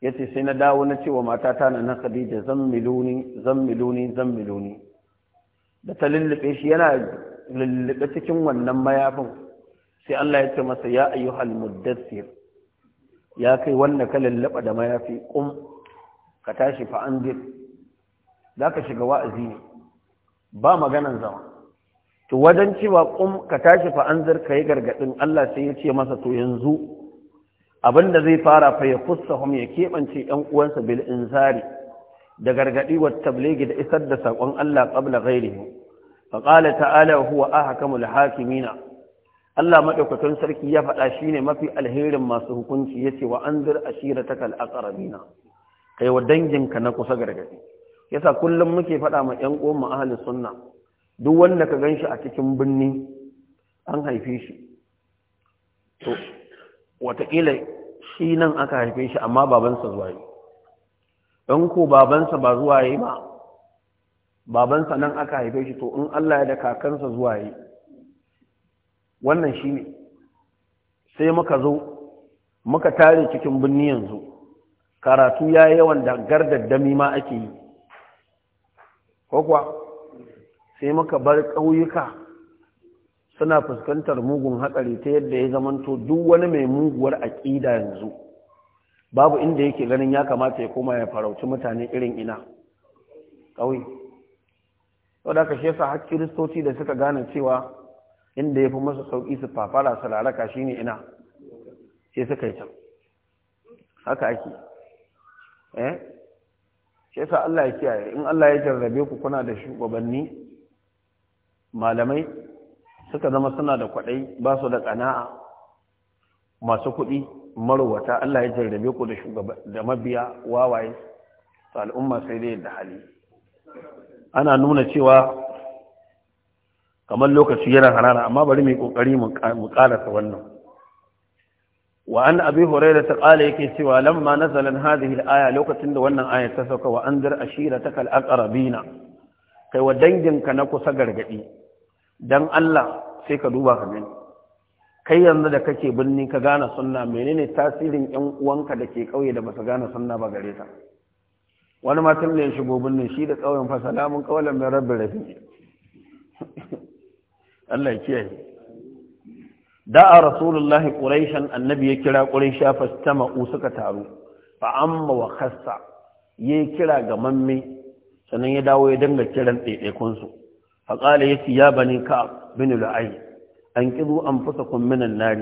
ce, sai na dawo na cewa matata na nasabi da miluni, zan miluni. da ta lullube shi yana lullube cikin wannan mayafin sai Allah ya ce masa ya ayyuhal muddassir ya kai wanda ka lullube da mayafi kum ka tashi fa anzir zaka shiga wa'azi ne ba maganan zama to wajen cewa kum ka tashi fa anzir yi gargadin Allah sai ya ce masa to yanzu abinda zai fara fa ya kussahum ya kebance ɗan uwansa bil inzari da gargadi wa tabligi da isar da sakon Allah qabla ghairihi fa qala ta'ala huwa ahkamul hakimina Allah madaukakin sarki ya faɗa shine mafi alherin masu hukunci yace wa anzir ashiratakal aqrabina kai wa danginka na kusa gargadi yasa kullum muke faɗa ma ƴan uwan mu ahlus sunna duk wanda ka gan shi a cikin birni an haife shi to wataƙila shi nan aka haife shi amma babansa zuwa yi don ko babansa ba zuwa yi ba babansa nan aka haife shi to in Allah ya da kakansa zuwa yi wannan shi ne sai muka zo muka tare cikin birni yanzu karatu ya yawan da dami ma ake yi ko sai maka bar ƙauyuka suna fuskantar mugun hatsari ta yadda ya zamanto duk wani mai muguwar aƙida yanzu babu inda yake ganin ya kamata ya koma ya farauci mutane irin ina ƙauye wadda ka shi yasa kiristoci da suka gane cewa inda ya fi masa sauƙi su fafara su laraka shi ne ina sai suka yi can haka ake eh shesa Allah ya kiyaye in Allah ya jarrabe ku kuna da shugabanni malamai suka zama suna da kwaɗai ba su da ƙana'a masu kuɗi marwata Allah ya jarrabe ku da da mabiya wawaye su al'umma sai dai da hali ana nuna cewa kamar lokaci yana harara amma bari mai kokari mu karasa wannan wa an abi huraira ta kala yake cewa lamma na hadhihi al-aya lokacin da wannan ayar ta sauka wa anzir ashirataka al-aqrabina kai wa danginka na kusa gargadi dan Allah sai ka duba ka gani kai yanzu da kake birni ka gane sunna menene tasirin yan uwanka da ke kauye da basu gane sunna ba gare ta wani matan ne ya shigo birni shi da kauyen fa salamun qawlan min rabbil rafi Allah ya kiyaye da'a rasulullahi quraishan annabi ya kira quraisha fastama'u suka taru fa amma wa khassa yayi kira ga mamme sanan ya dawo ya danga kiran ɗaiɗaikunsu. su فقال يتي يا بني كعب بن لعي أنقذوا أنفسكم من النار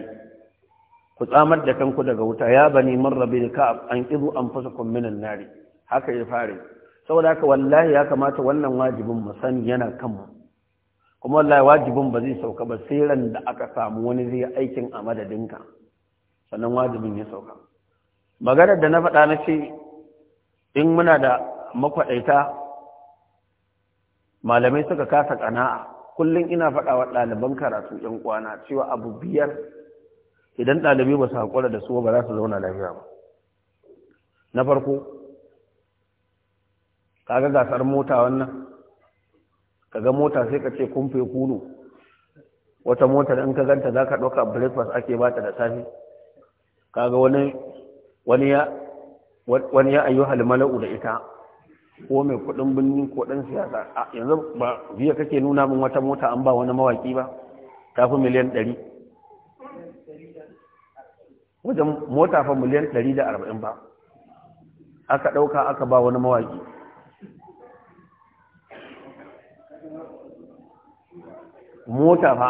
فتامر لكم كدغ وتا يا بني مر بن كعب أنقذوا أنفسكم من النار haka ya fare saboda haka wallahi ya kamata wannan wajibin mu sani yana kanmu kuma wallahi wajibin ba zai sauka ba sai ran da aka samu wani zai aikin a madadinka sannan wajibin ya sauka maganar da na faɗa na ce in muna da makwaɗaita malamai suka kasa kana'a. kullum ina faɗa wa ɗaliban karatu ‘yan kwana cewa abu biyar idan ɗalibi ba su haƙura da su ba za su zauna lafiya ba na farko kaga gasar mota wannan kaga mota sai ka ce kumfe kulu wata mota in ka ganta za ka ɗauka breakfast ake bata da safe kaga wani wani ya wani ya ayyuhal mala'u da ita ko mai kudin birni ko dan siyasa yanzu ba biya kake nuna min wata mota an ba wani mawaki ba tafi miliyan 100 wajen mota fa miliyan 140 ba aka dauka aka ba wani mawaki mota fa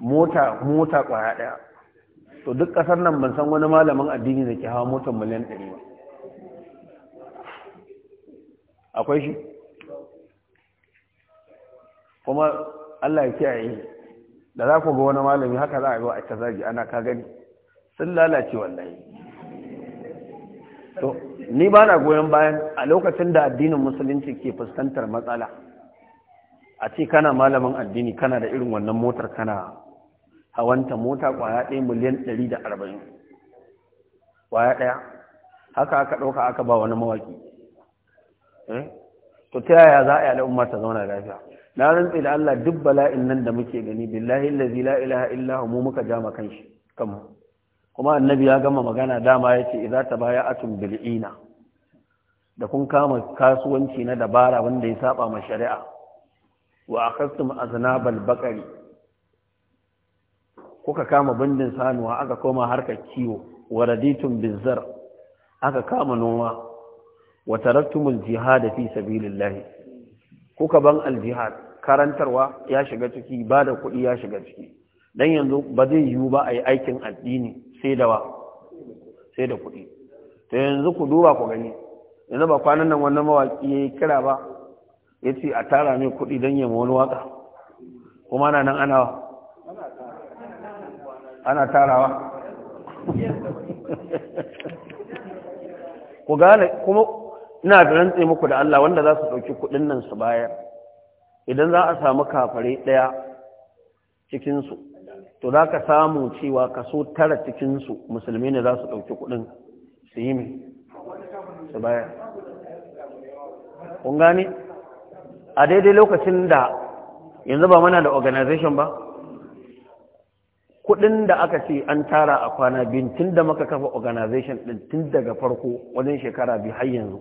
mota mota kwaya daya to duk kasar nan ban san wani malamin addini da ke hawa motar miliyan ɗari ba akwai shi kuma allah ya kiyaye da za ku ga wani malami haka za a yi wa a zagi ana ka gani sun lalace wallahi to ni ba na goyon bayan a lokacin da addinin musulunci ke fuskantar matsala a ce kana malamin addini kana da irin wannan motar kana hawanta mota kwaya ɗaya miliyan ɗari da arba'in kwaya ɗaya haka aka ɗauka aka ba wani mawaƙi eh? to ta yaya za a yi al'umma ta zauna lafiya na rantse da Allah duk bala'in nan da muke gani billahi allazi la ilaha illa mu muka jama kanshi kanmu kuma annabi ya gama magana dama ya ce idza tabaya'atum bil ina da kun kama kasuwanci na dabara wanda ya saba ma shari'a wa akhastum aznabal baqari kuka kama bindin sanuwa aka koma harkar kiwo wa raditun bizar aka kama noma wa taraktumul jihad fi sabilillah kuka ban aljihad karantarwa ya shiga ciki ba da kuɗi ya shiga ciki dan yanzu ba zai yiwu ba a yi aikin addini sai da wa sai da kuɗi to yanzu ku duba ku gani yanzu ba kwanan nan wannan mawaƙi ya yi kira ba ya ce a tara ne kuɗi don yamma wani waƙa kuma na nan ana ana tarawa ku gane kuma ina da rantse muku da Allah wanda za su ɗauki kuɗin nan su bayar idan za a samu kafare ɗaya cikinsu to za ka samu cewa kaso tara cikinsu musulmi ne za su ɗauki kuɗin su yi mai su bayar kun gane a daidai lokacin da yanzu ba mana da organization ba kudin da aka ce an tara a kwana biyu tun da muka kafa organization din tun daga farko wajen shekara biyu har yanzu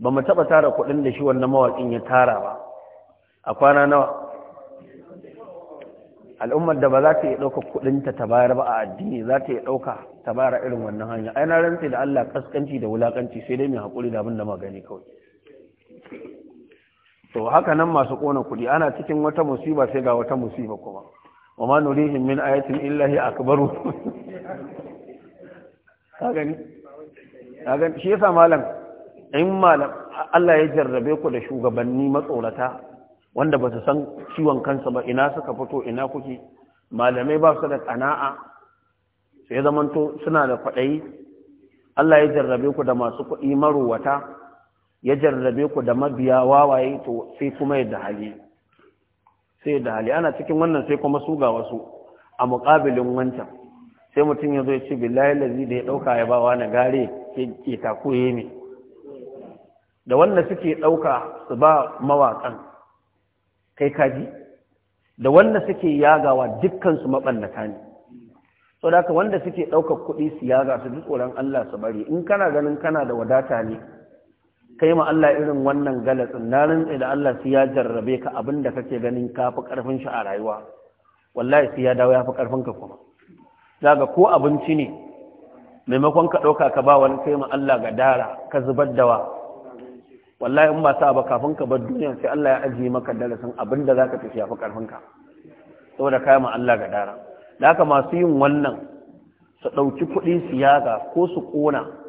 ba mu taba tara kudin da shi wannan mawakin ya tara ba a kwana nawa al'ummar da ba za ta iya ɗauka kudin ta bayar ba a addini za ta iya ɗauka ta bayar irin wannan hanya ai na rantse da Allah kaskanci da wulakanci sai dai mai hakuri da abin da magani kawai to haka nan masu kona kuɗi ana cikin wata musiba sai ga wata musiba kuma wa ma nurihim min ayatin illahi akbaru ka gani ka gani shi yasa malam in malam Allah ya jarrabe ku da shugabanni matsorata wanda ba su san ciwon kansa ba ina suka fito ina kuke malamai ba su da kana'a sai zamanto suna da kwaɗayi Allah ya jarrabe ku da masu kuɗi marowata ya jarrabe ku da mabiya wawaye to sai kuma yadda hali sai da hali ana cikin wannan sai kuma su ga wasu a muƙabilin wancan sai mutum ya zo ya ce billahi lazi da ya ɗauka ya ba na gare ke tako ya ne da wanda suke ɗauka su ba mawaƙan kai kaji da wanda suke yagawa dukkan su maɓannata ne sau da wanda suke ɗaukar kuɗi su yaga su ji tsoron Allah su bari in kana ganin kana da wadata ne kai ma Allah irin wannan galatsin na rantsa da Allah sai ya jarrabe ka abin da kake ganin ka fi karfin shi a rayuwa wallahi sai ya dawo ya fi karfin ka kuma daga ko abinci ne maimakon ka ɗauka ka ba wani kai ma Allah ga dara ka zubar da wa wallahi in ba sa ba kafin ka bar duniya sai Allah ya ajiye maka darasin abin da zaka tafi ya fi karfin ka saboda kai ma Allah ga dara da haka masu yin wannan su ɗauki kuɗi su siyaga ko su ƙona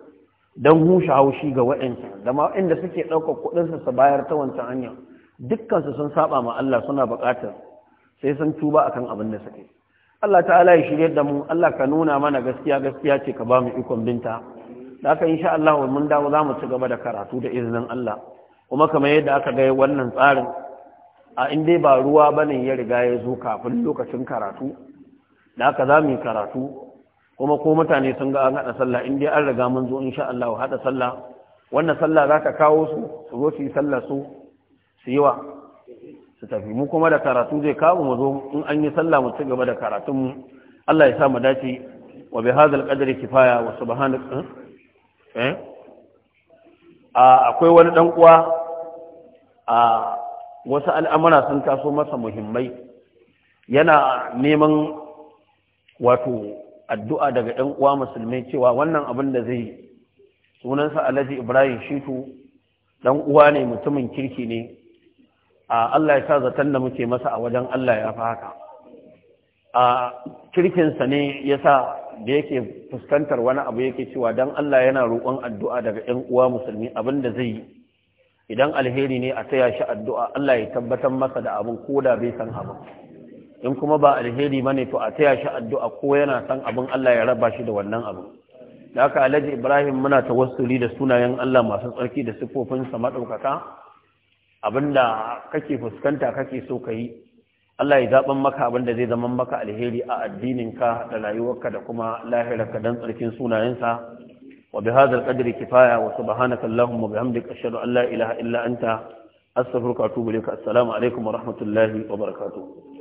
don hushe haushi ga waɗancan da ma inda suke ɗaukar kuɗinsu su bayar ta wancan hanya dukkansu sun saba ma Allah suna buƙatar sai sun tuba akan abin da suke Allah ta'ala ya shirye da mu Allah ka nuna mana gaskiya gaskiya ce ka ba mu ikon binta da haka insha Allah mun dawo za mu ci gaba da karatu da izinin Allah kuma kamar yadda aka ga wannan tsarin a in dai ba ruwa bane ya riga ya zo kafin lokacin karatu da aka za mu yi karatu kuma ko mutane sun ga an haɗa sallah in dai an riga mun zo insha Allah wa haɗa sallah wannan sallah za ka kawo su su zo su yi sallah su su yi wa su tafi mu kuma da karatu zai kawo mu zo in an yi sallah mu ci gaba da karatun mu Allah ya sa mu dace wa bi hadal qadri kifaya wa subhanak eh, eh? a akwai wani dan uwa a wasu al'amura sun taso masa muhimmai yana neman wato addu'a daga ɗan uwa musulmi cewa wannan abin da zai yi sunansa alhaji ibrahim shitu ɗan uwa ne mutumin kirki ne a Allah ya sa zaton da muke masa a wajen Allah ya fi haka a kirkinsa ne ya sa da yake fuskantar wani abu yake cewa don Allah yana roƙon addu'a daga ‘yan uwa musulmi abin da zai yi idan alheri ne a taya shi addu'a Allah ya tabbatar masa da abin ko da bai san abin in kuma ba alheri ne to a taya shi addu'a ko yana san abin Allah ya raba shi da wannan abu da haka Alhaji Ibrahim muna ta tawassuli da sunayen Allah masu tsarki da siffofin sa madaukaka abinda kake fuskanta kake so ka yi Allah ya zaben maka abin da zai zama maka alheri a addininka da rayuwarka da kuma lahirarka dan tsarkin sunayensa وبهذا القدر كفاية وسبحانك اللهم وبحمدك أشهد أن لا إله إلا أنت أستغفرك وأتوب إليك السلام wa rahmatullahi wa وبركاته